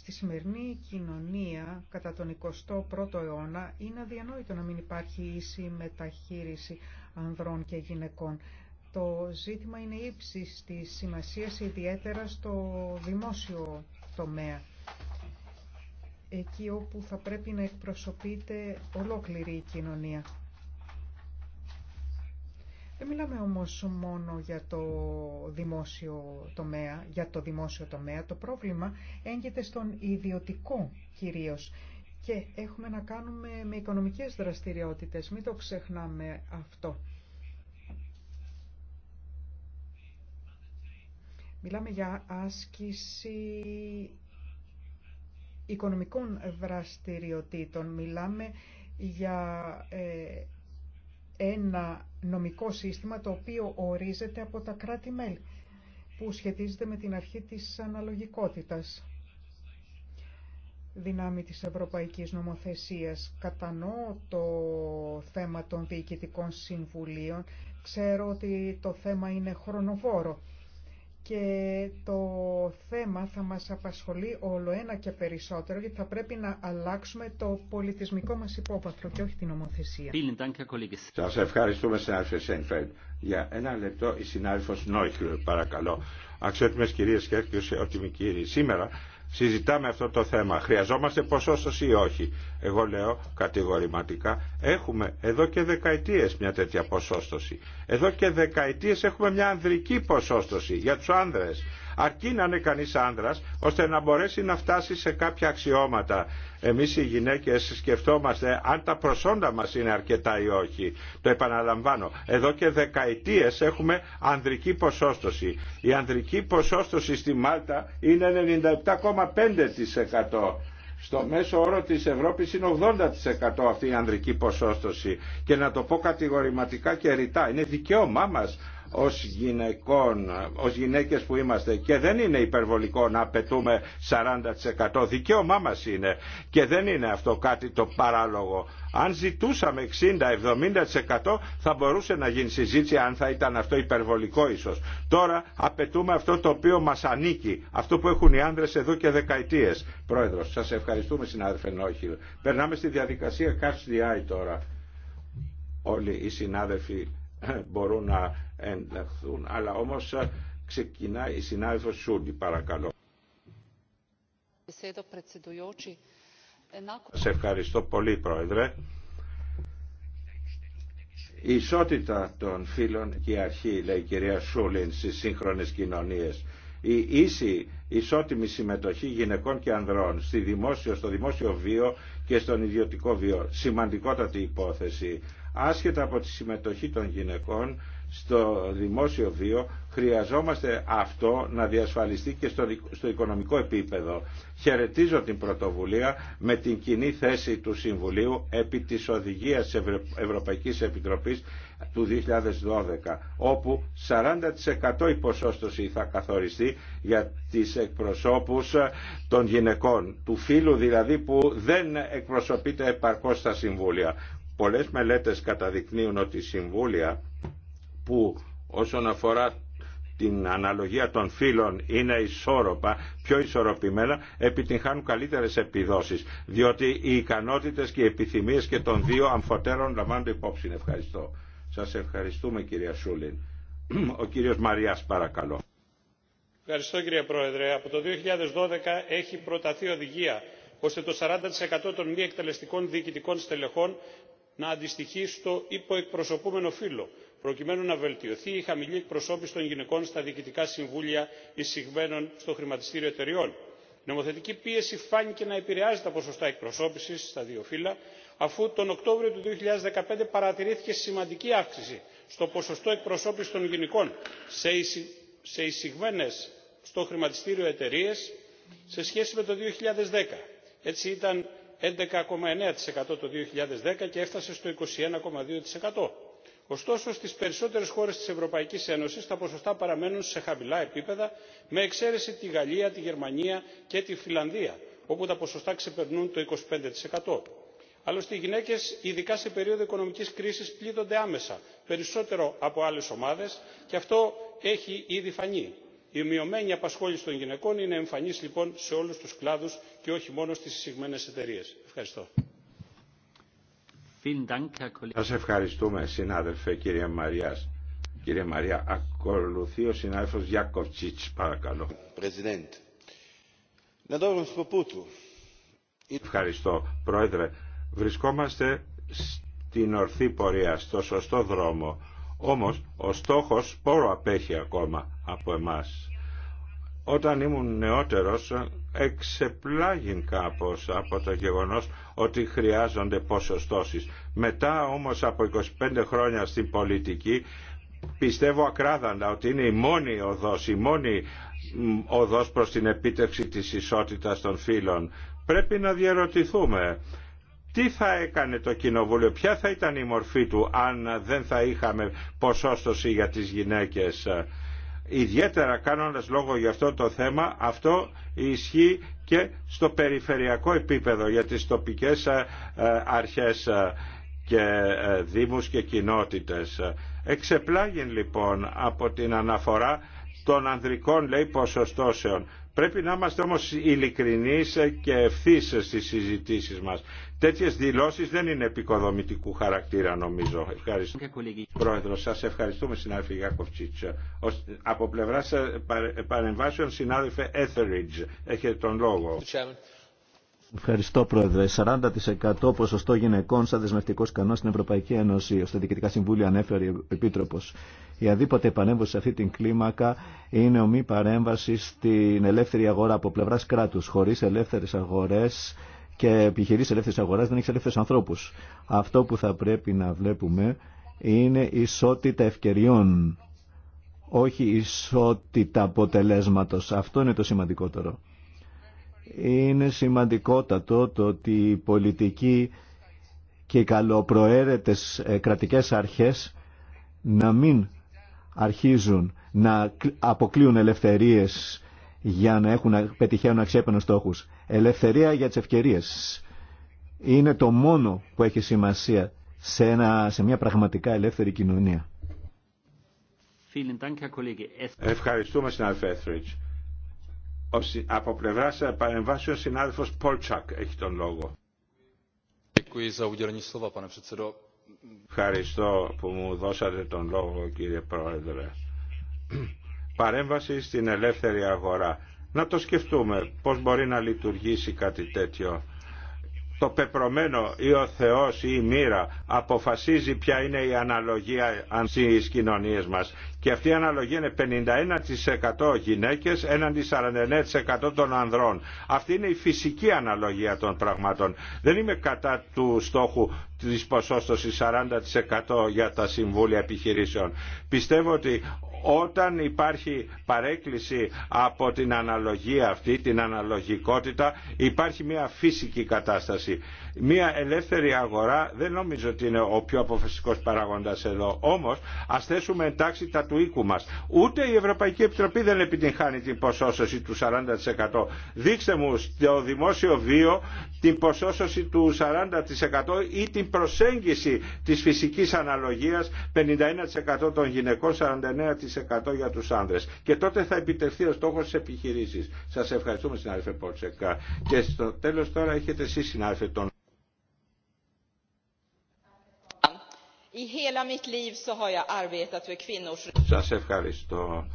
Στη σημερινή κοινωνία κατά τον 21ο αιώνα είναι αδιανόητο να μην υπάρχει ίση μεταχείριση ανδρών και γυναικών. Το ζήτημα είναι ύψης της σημασίας ιδιαίτερα στο δημόσιο τομέα εκεί όπου θα πρέπει να εκπροσωπείται ολόκληρη η κοινωνία. Δεν μιλάμε όμως μόνο για το δημόσιο τομέα, για το δημόσιο τομέα. Το πρόβλημα έγκυται στον ιδιωτικό κυρίως και έχουμε να κάνουμε με οικονομικές δραστηριότητες. Μην το ξεχνάμε αυτό. Μιλάμε για άσκηση οικονομικών δραστηριοτήτων. Μιλάμε για ε, ένα νομικό σύστημα το οποίο ορίζεται από τα κράτη-μέλη που σχετίζεται με την αρχή της αναλογικότητας δυνάμει της Ευρωπαϊκής Νομοθεσίας. Κατανοώ το θέμα των διοικητικών συμβουλίων. Ξέρω ότι το θέμα είναι χρονοβόρο και το θέμα θα μας απασχολεί όλο ένα και περισσότερο γιατί θα πρέπει να αλλάξουμε το πολιτισμικό μας υπόβαθρο και όχι την νομοθεσία. Σας ευχαριστούμε συνάδελφε Σένφελντ. Για ένα λεπτό η συνάδελφος Νόιχλου παρακαλώ. Αξιότιμες κυρίες και αξιότιμοι κύριοι, σήμερα συζητάμε αυτό το θέμα. Χρειαζόμαστε ποσόστοση ή όχι. Εγώ λέω κατηγορηματικά, έχουμε εδώ και δεκαετίες μια τέτοια ποσόστοση. Εδώ και δεκαετίες έχουμε μια ανδρική ποσόστοση για τους άνδρες αρκεί να είναι κανείς άνδρας ώστε να μπορέσει να φτάσει σε κάποια αξιώματα. Εμείς οι γυναίκες σκεφτόμαστε αν τα προσόντα μας είναι αρκετά ή όχι. Το επαναλαμβάνω. Εδώ και δεκαετίες έχουμε ανδρική ποσόστοση. Η ανδρική ποσόστοση στη Μάλτα είναι 97,5%. Στο μέσο όρο της Ευρώπης είναι 80% αυτή η ανδρική ποσόστοση. Και να το πω κατηγορηματικά και ρητά, είναι δικαίωμά μας ως, γυναικών, ως γυναίκες που είμαστε και δεν είναι υπερβολικό να απαιτούμε 40% δικαίωμά μας είναι και δεν είναι αυτό κάτι το παράλογο αν ζητούσαμε 60-70% θα μπορούσε να γίνει συζήτηση αν θα ήταν αυτό υπερβολικό ίσως τώρα απαιτούμε αυτό το οποίο μας ανήκει αυτό που έχουν οι άνδρες εδώ και δεκαετίες Πρόεδρος, σας ευχαριστούμε συνάδελφε Νόχιλ περνάμε στη διαδικασία Cash τώρα όλοι οι συνάδελφοι ε, μπορούν να ενταχθούν. Αλλά όμως ε, ξεκινάει η συνάδελφος Σούντι, παρακαλώ. Σε ευχαριστώ πολύ, Πρόεδρε. Η ισότητα των φίλων και η αρχή, λέει η κυρία Σούλιν, στις σύγχρονες κοινωνίες. Η ίση ισότιμη συμμετοχή γυναικών και ανδρών στη δημόσιο, στο δημόσιο βίο και στον ιδιωτικό βίο. Σημαντικότατη υπόθεση. Άσχετα από τη συμμετοχή των γυναικών, στο δημόσιο βίο χρειαζόμαστε αυτό να διασφαλιστεί και στο οικονομικό επίπεδο. Χαιρετίζω την πρωτοβουλία με την κοινή θέση του Συμβουλίου επί της Οδηγίας της Ευρωπαϊκής Επιτροπής του 2012, όπου 40% η ποσόστοση θα καθοριστεί για τις εκπροσώπους των γυναικών, του φίλου δηλαδή που δεν εκπροσωπείται επαρκώς στα Συμβούλια. Πολλές μελέτες καταδεικνύουν ότι η Συμβούλια που όσον αφορά την αναλογία των φύλων είναι ισόρροπα, πιο ισορροπημένα, επιτυγχάνουν καλύτερες επιδόσεις, διότι οι ικανότητες και οι επιθυμίες και των δύο αμφωτέρων λαμβάνονται υπόψη. Ευχαριστώ. Σας ευχαριστούμε κυρία Σούλιν. Ο κύριος Μαριάς παρακαλώ. Ευχαριστώ κύριε Πρόεδρε. Από το 2012 έχει προταθεί οδηγία ώστε το 40% των μη εκτελεστικών διοικητικών στελεχών να αντιστοιχεί στο υποεκπροσωπούμενο φύλλο προκειμένου να βελτιωθεί η χαμηλή εκπροσώπηση των γυναικών στα διοικητικά συμβούλια εισηγμένων στο χρηματιστήριο εταιριών. η νομοθετική πίεση φάνηκε να επηρεάζει τα ποσοστά εκπροσώπηση στα δύο φύλλα αφού τον οκτώβριο του 2015 παρατηρήθηκε σημαντική αύξηση στο ποσοστό εκπροσώπηση των γυναικών σε εισηγμένε στο χρηματιστήριο εταιρείε σε σχέση με το 2010. Έτσι ήταν 11,9% το 2010 και έφτασε στο 21,2% ωστόσο στι περισσότερε χώρε τη Ευρωπαϊκή Ένωση τα ποσοστά παραμένουν σε χαμηλά επίπεδα με εξαίρεση τη γαλλία τη γερμανία και τη φιλανδία όπου τα ποσοστά ξεπερνούν το. 25%. άλλωστε οι γυναίκε, ειδικά σε περίοδο οικονομική κρίση πλήττονται άμεσα περισσότερο από άλλε ομάδε, και αυτό έχει ήδη φανεί. η μειωμένη απασχόληση των γυναικών είναι εμφανής λοιπόν σε όλου του κλάδου και όχι μόνο στι εισηγμένε εταιρείε. ευχαριστώ. Σας ευχαριστούμε συνάδελφε κύριε Μαριάς. Κύριε Μαριά, ακολουθεί ο συνάδελφος Γιάκοψιτς, παρακαλώ. Ευχαριστώ, Πρόεδρε. Βρισκόμαστε στην ορθή πορεία, στο σωστό δρόμο. Όμως, ο στόχος πόρο απέχει ακόμα από εμάς όταν ήμουν νεότερος εξεπλάγει κάπως από το γεγονός ότι χρειάζονται ποσοστώσεις. Μετά όμως από 25 χρόνια στην πολιτική πιστεύω ακράδαντα ότι είναι η μόνη οδός, η μόνη οδός προς την επίτευξη της ισότητας των φίλων. Πρέπει να διαρωτηθούμε τι θα έκανε το Κοινοβούλιο, ποια θα ήταν η μορφή του αν δεν θα είχαμε ποσόστοση για τις γυναίκες ιδιαίτερα κάνοντας λόγο για αυτό το θέμα, αυτό ισχύει και στο περιφερειακό επίπεδο για τις τοπικές ε, ε, αρχές ε, και δήμους και κοινότητες. Εξεπλάγει λοιπόν από την αναφορά των ανδρικών λέει ποσοστώσεων. Πρέπει να είμαστε όμως ειλικρινείς και ευθύς στις συζητήσεις μας. Τέτοιες δηλώσεις δεν είναι επικοδομητικού χαρακτήρα νομίζω. Ευχαριστώ. Πρόεδρο, σας ευχαριστούμε συνάδελφε Γιάκοφτσίτσα. Από πλευρά ε, παρεμβάσεων συνάδελφε Έθεριτζ, έχετε τον λόγο. Ευχαριστώ, Πρόεδρε. 40% ποσοστό γυναικών σαν δεσμευτικό κανόνα στην Ευρωπαϊκή Ένωση, τα διοικητικά συμβούλια ανέφερε ο Επίτροπο. Η αδίποτε επανέμβαση σε αυτή την κλίμακα είναι ομή παρέμβαση στην ελεύθερη αγορά από πλευρά κράτου. Χωρί ελεύθερε αγορέ και επιχειρήσει ελεύθερη αγορά δεν έχει ελεύθερου ανθρώπου. Αυτό που θα πρέπει να βλέπουμε είναι ισότητα ευκαιριών. Όχι ισότητα αποτελέσματος. Αυτό είναι το σημαντικότερο. Είναι σημαντικότατο το ότι οι πολιτικοί και οι καλοπροαίρετες ε, κρατικές αρχές να μην αρχίζουν να αποκλείουν ελευθερίες για να έχουν, πετυχαίνουν αξιέπαινους στόχους. Ελευθερία για τις ευκαιρίες. Είναι το μόνο που έχει σημασία σε, ένα, σε μια πραγματικά ελεύθερη κοινωνία. Ευχαριστούμε συνάδελφε Έθριτς. Από ε, παρεμβάσει ο συνάδελφος Πολτσακ έχει τον λόγο. Ευχαριστώ που μου δώσατε τον λόγο κύριε Πρόεδρε. Παρέμβαση στην ελεύθερη αγορά να το σκεφτούμε πώς μπορεί να λειτουργήσει κάτι τέτοιο. Το πεπρωμένο ή ο Θεός ή η μοίρα αποφασίζει ποια είναι η αναλογία στις κοινωνίες μας και αυτή η αναλογία είναι 51% γυναίκες έναντι 49% των ανδρών. Αυτή είναι η φυσική αναλογία των πραγμάτων. Δεν είμαι κατά του στόχου της ποσόστοσης 40% για τα συμβούλια επιχειρήσεων. Πιστεύω ότι όταν υπάρχει παρέκκληση από την αναλογία αυτή, την αναλογικότητα, υπάρχει μια φυσική κατάσταση. Μια ελεύθερη αγορά δεν νομίζω ότι είναι ο πιο αποφασιστικός παράγοντας εδώ. Όμως, ας θέσουμε εντάξει τα του οίκου μας. Ούτε η Ευρωπαϊκή Επιτροπή δεν επιτυγχάνει την ποσόσωση του 40%. Δείξτε μου στο δημόσιο βίο την ποσόσωση του 40% ή την προσέγγιση της φυσικής αναλογίας 51% των γυναικών, 49% για τους άνδρες. Και τότε θα επιτευχθεί ο στόχος της επιχειρήσης. Σας ευχαριστούμε συνάδελφε Πότσεκα. Και στο τέλος τώρα έχετε εσείς συνάδελφε τον Σας ευχαριστώ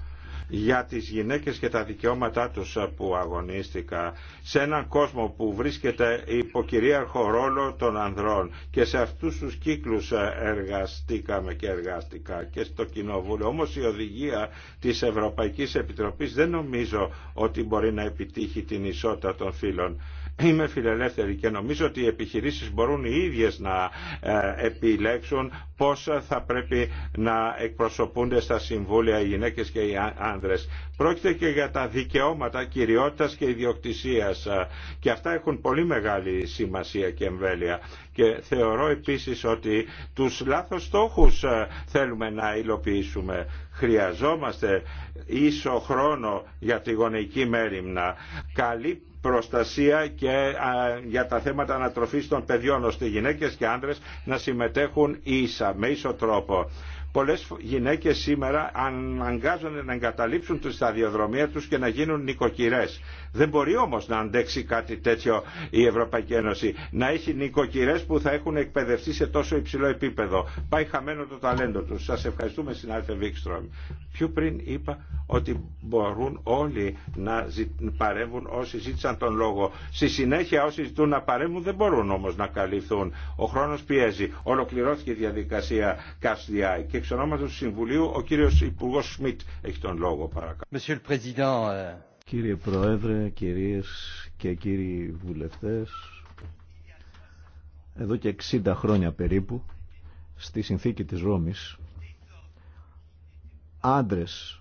για τις γυναίκες και τα δικαιώματά τους που αγωνίστηκα σε έναν κόσμο που βρίσκεται υπό κυρίαρχο ρόλο των ανδρών και σε αυτούς τους κύκλους εργαστήκαμε και εργαστικά και στο Κοινοβούλιο. Όμως η οδηγία της Ευρωπαϊκής Επιτροπής δεν νομίζω ότι μπορεί να επιτύχει την ισότητα των φύλων. Είμαι φιλελεύθερη και νομίζω ότι οι επιχειρήσεις μπορούν οι ίδιες να ε, επιλέξουν πώς θα πρέπει να εκπροσωπούνται στα συμβούλια οι γυναίκες και οι άνδρες. Πρόκειται και για τα δικαιώματα κυριότητας και ιδιοκτησίας ε, και αυτά έχουν πολύ μεγάλη σημασία και εμβέλεια. Και θεωρώ επίσης ότι τους λάθος στόχους ε, θέλουμε να υλοποιήσουμε. Χρειαζόμαστε ίσο χρόνο για τη γονεϊκή μέρημνα, καλή προστασία και για τα θέματα ανατροφής των παιδιών ώστε γυναίκες και άνδρες να συμμετέχουν ίσα, με ίσο τρόπο. Πολλές γυναίκες σήμερα αναγκάζονται να εγκαταλείψουν τη σταδιοδρομία τους και να γίνουν νοικοκυρές. Δεν μπορεί όμως να αντέξει κάτι τέτοιο η Ευρωπαϊκή Ένωση. Να έχει νοικοκυρές που θα έχουν εκπαιδευτεί σε τόσο υψηλό επίπεδο. Πάει χαμένο το ταλέντο τους. Σας ευχαριστούμε συνάδελφε Βίξτρομ. Πιο πριν είπα ότι μπορούν όλοι να παρέμβουν όσοι ζήτησαν τον λόγο. Στη συνέχεια όσοι ζητούν να παρέμβουν δεν μπορούν όμως να καλυφθούν. Ο χρόνος πιέζει. Ολοκληρώθηκε η διαδικασία και εξ ονόματος του Συμβουλίου ο κύριος Υπουργός Σμιτ έχει τον λόγο παρακαλώ. Euh, Κύριε Πρόεδρε, κυρίες και κύριοι βουλευτές, εδώ και 60 χρόνια περίπου στη συνθήκη της Ρώμης άντρες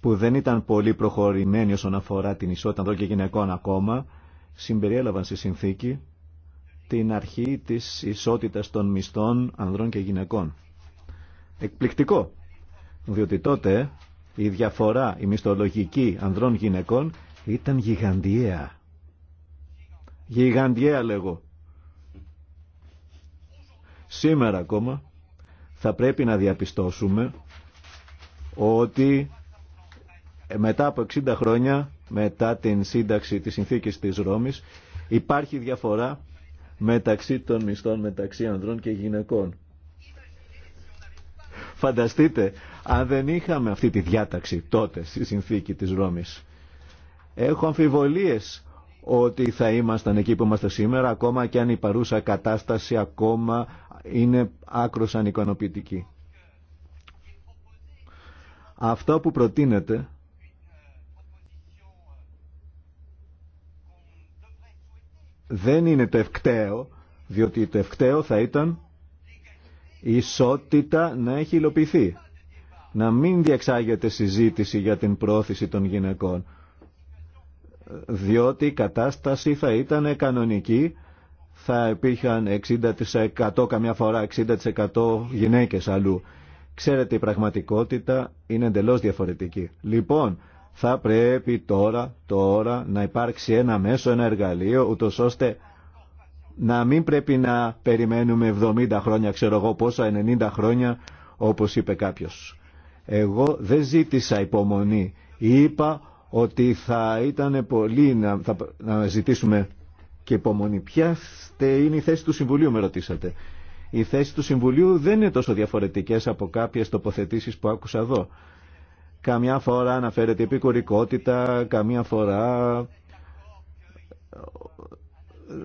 που δεν ήταν πολύ προχωρημένοι όσον αφορά την ισότητα ανδρών και γυναικών ακόμα συμπεριέλαβαν στη συνθήκη την αρχή της ισότητας των μισθών ανδρών και γυναικών. Εκπληκτικό, διότι τότε η διαφορά, η μισθολογική ανδρών γυναικών ήταν γιγαντιαία. Γιγαντιαία λέγω. Σήμερα ακόμα θα πρέπει να διαπιστώσουμε ότι μετά από 60 χρόνια, μετά την σύνταξη της συνθήκης της Ρώμης, υπάρχει διαφορά μεταξύ των μισθών μεταξύ ανδρών και γυναικών. Φανταστείτε, αν δεν είχαμε αυτή τη διάταξη τότε στη συνθήκη της Ρώμης, έχω αμφιβολίες ότι θα ήμασταν εκεί που είμαστε σήμερα, ακόμα και αν η παρούσα κατάσταση ακόμα είναι άκρος ανικανοποιητική. Αυτό που προτείνεται δεν είναι το ευκταίο, διότι το ευκταίο θα ήταν η ισότητα να έχει υλοποιηθεί. Να μην διεξάγεται συζήτηση για την πρόθεση των γυναικών, διότι η κατάσταση θα ήταν κανονική, θα υπήρχαν 60% καμιά φορά 60% γυναίκες αλλού. Ξέρετε η πραγματικότητα είναι εντελώς διαφορετική. Λοιπόν, θα πρέπει τώρα, τώρα να υπάρξει ένα μέσο, ένα εργαλείο, ούτω ώστε να μην πρέπει να περιμένουμε 70 χρόνια, ξέρω εγώ πόσα, 90 χρόνια, όπως είπε κάποιος. Εγώ δεν ζήτησα υπομονή. Είπα ότι θα ήταν πολύ να, να ζητήσουμε και υπομονή. Ποια είναι η θέση του Συμβουλίου, με ρωτήσατε. Η θέση του Συμβουλίου δεν είναι τόσο διαφορετικές από κάποιες τοποθετήσεις που άκουσα εδώ. Καμιά φορά αναφέρεται επικουρικότητα, καμιά φορά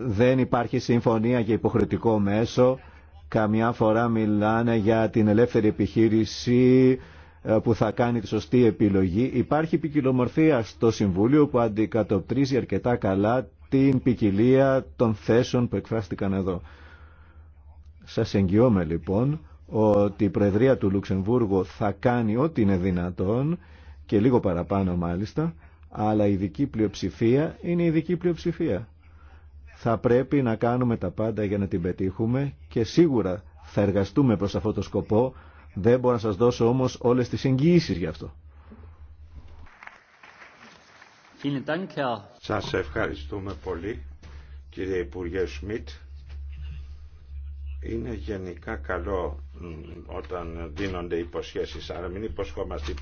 δεν υπάρχει συμφωνία για υποχρεωτικό μέσο. Καμιά φορά μιλάνε για την ελεύθερη επιχείρηση ε, που θα κάνει τη σωστή επιλογή. Υπάρχει ποικιλομορφία στο Συμβούλιο που αντικατοπτρίζει αρκετά καλά την ποικιλία των θέσεων που εκφράστηκαν εδώ. Σας εγγυώμαι λοιπόν ότι η Προεδρία του Λουξεμβούργου θα κάνει ό,τι είναι δυνατόν και λίγο παραπάνω μάλιστα, αλλά η ειδική πλειοψηφία είναι η ειδική πλειοψηφία. Θα πρέπει να κάνουμε τα πάντα για να την πετύχουμε και σίγουρα θα εργαστούμε προς αυτό το σκοπό. Δεν μπορώ να σας δώσω όμως όλες τις εγγυήσεις γι' αυτό. Σας ευχαριστούμε πολύ κύριε Υπουργέ Σμιτ είναι γενικά καλό όταν δίνονται υποσχέσεις, αλλά μην υποσχόμαστε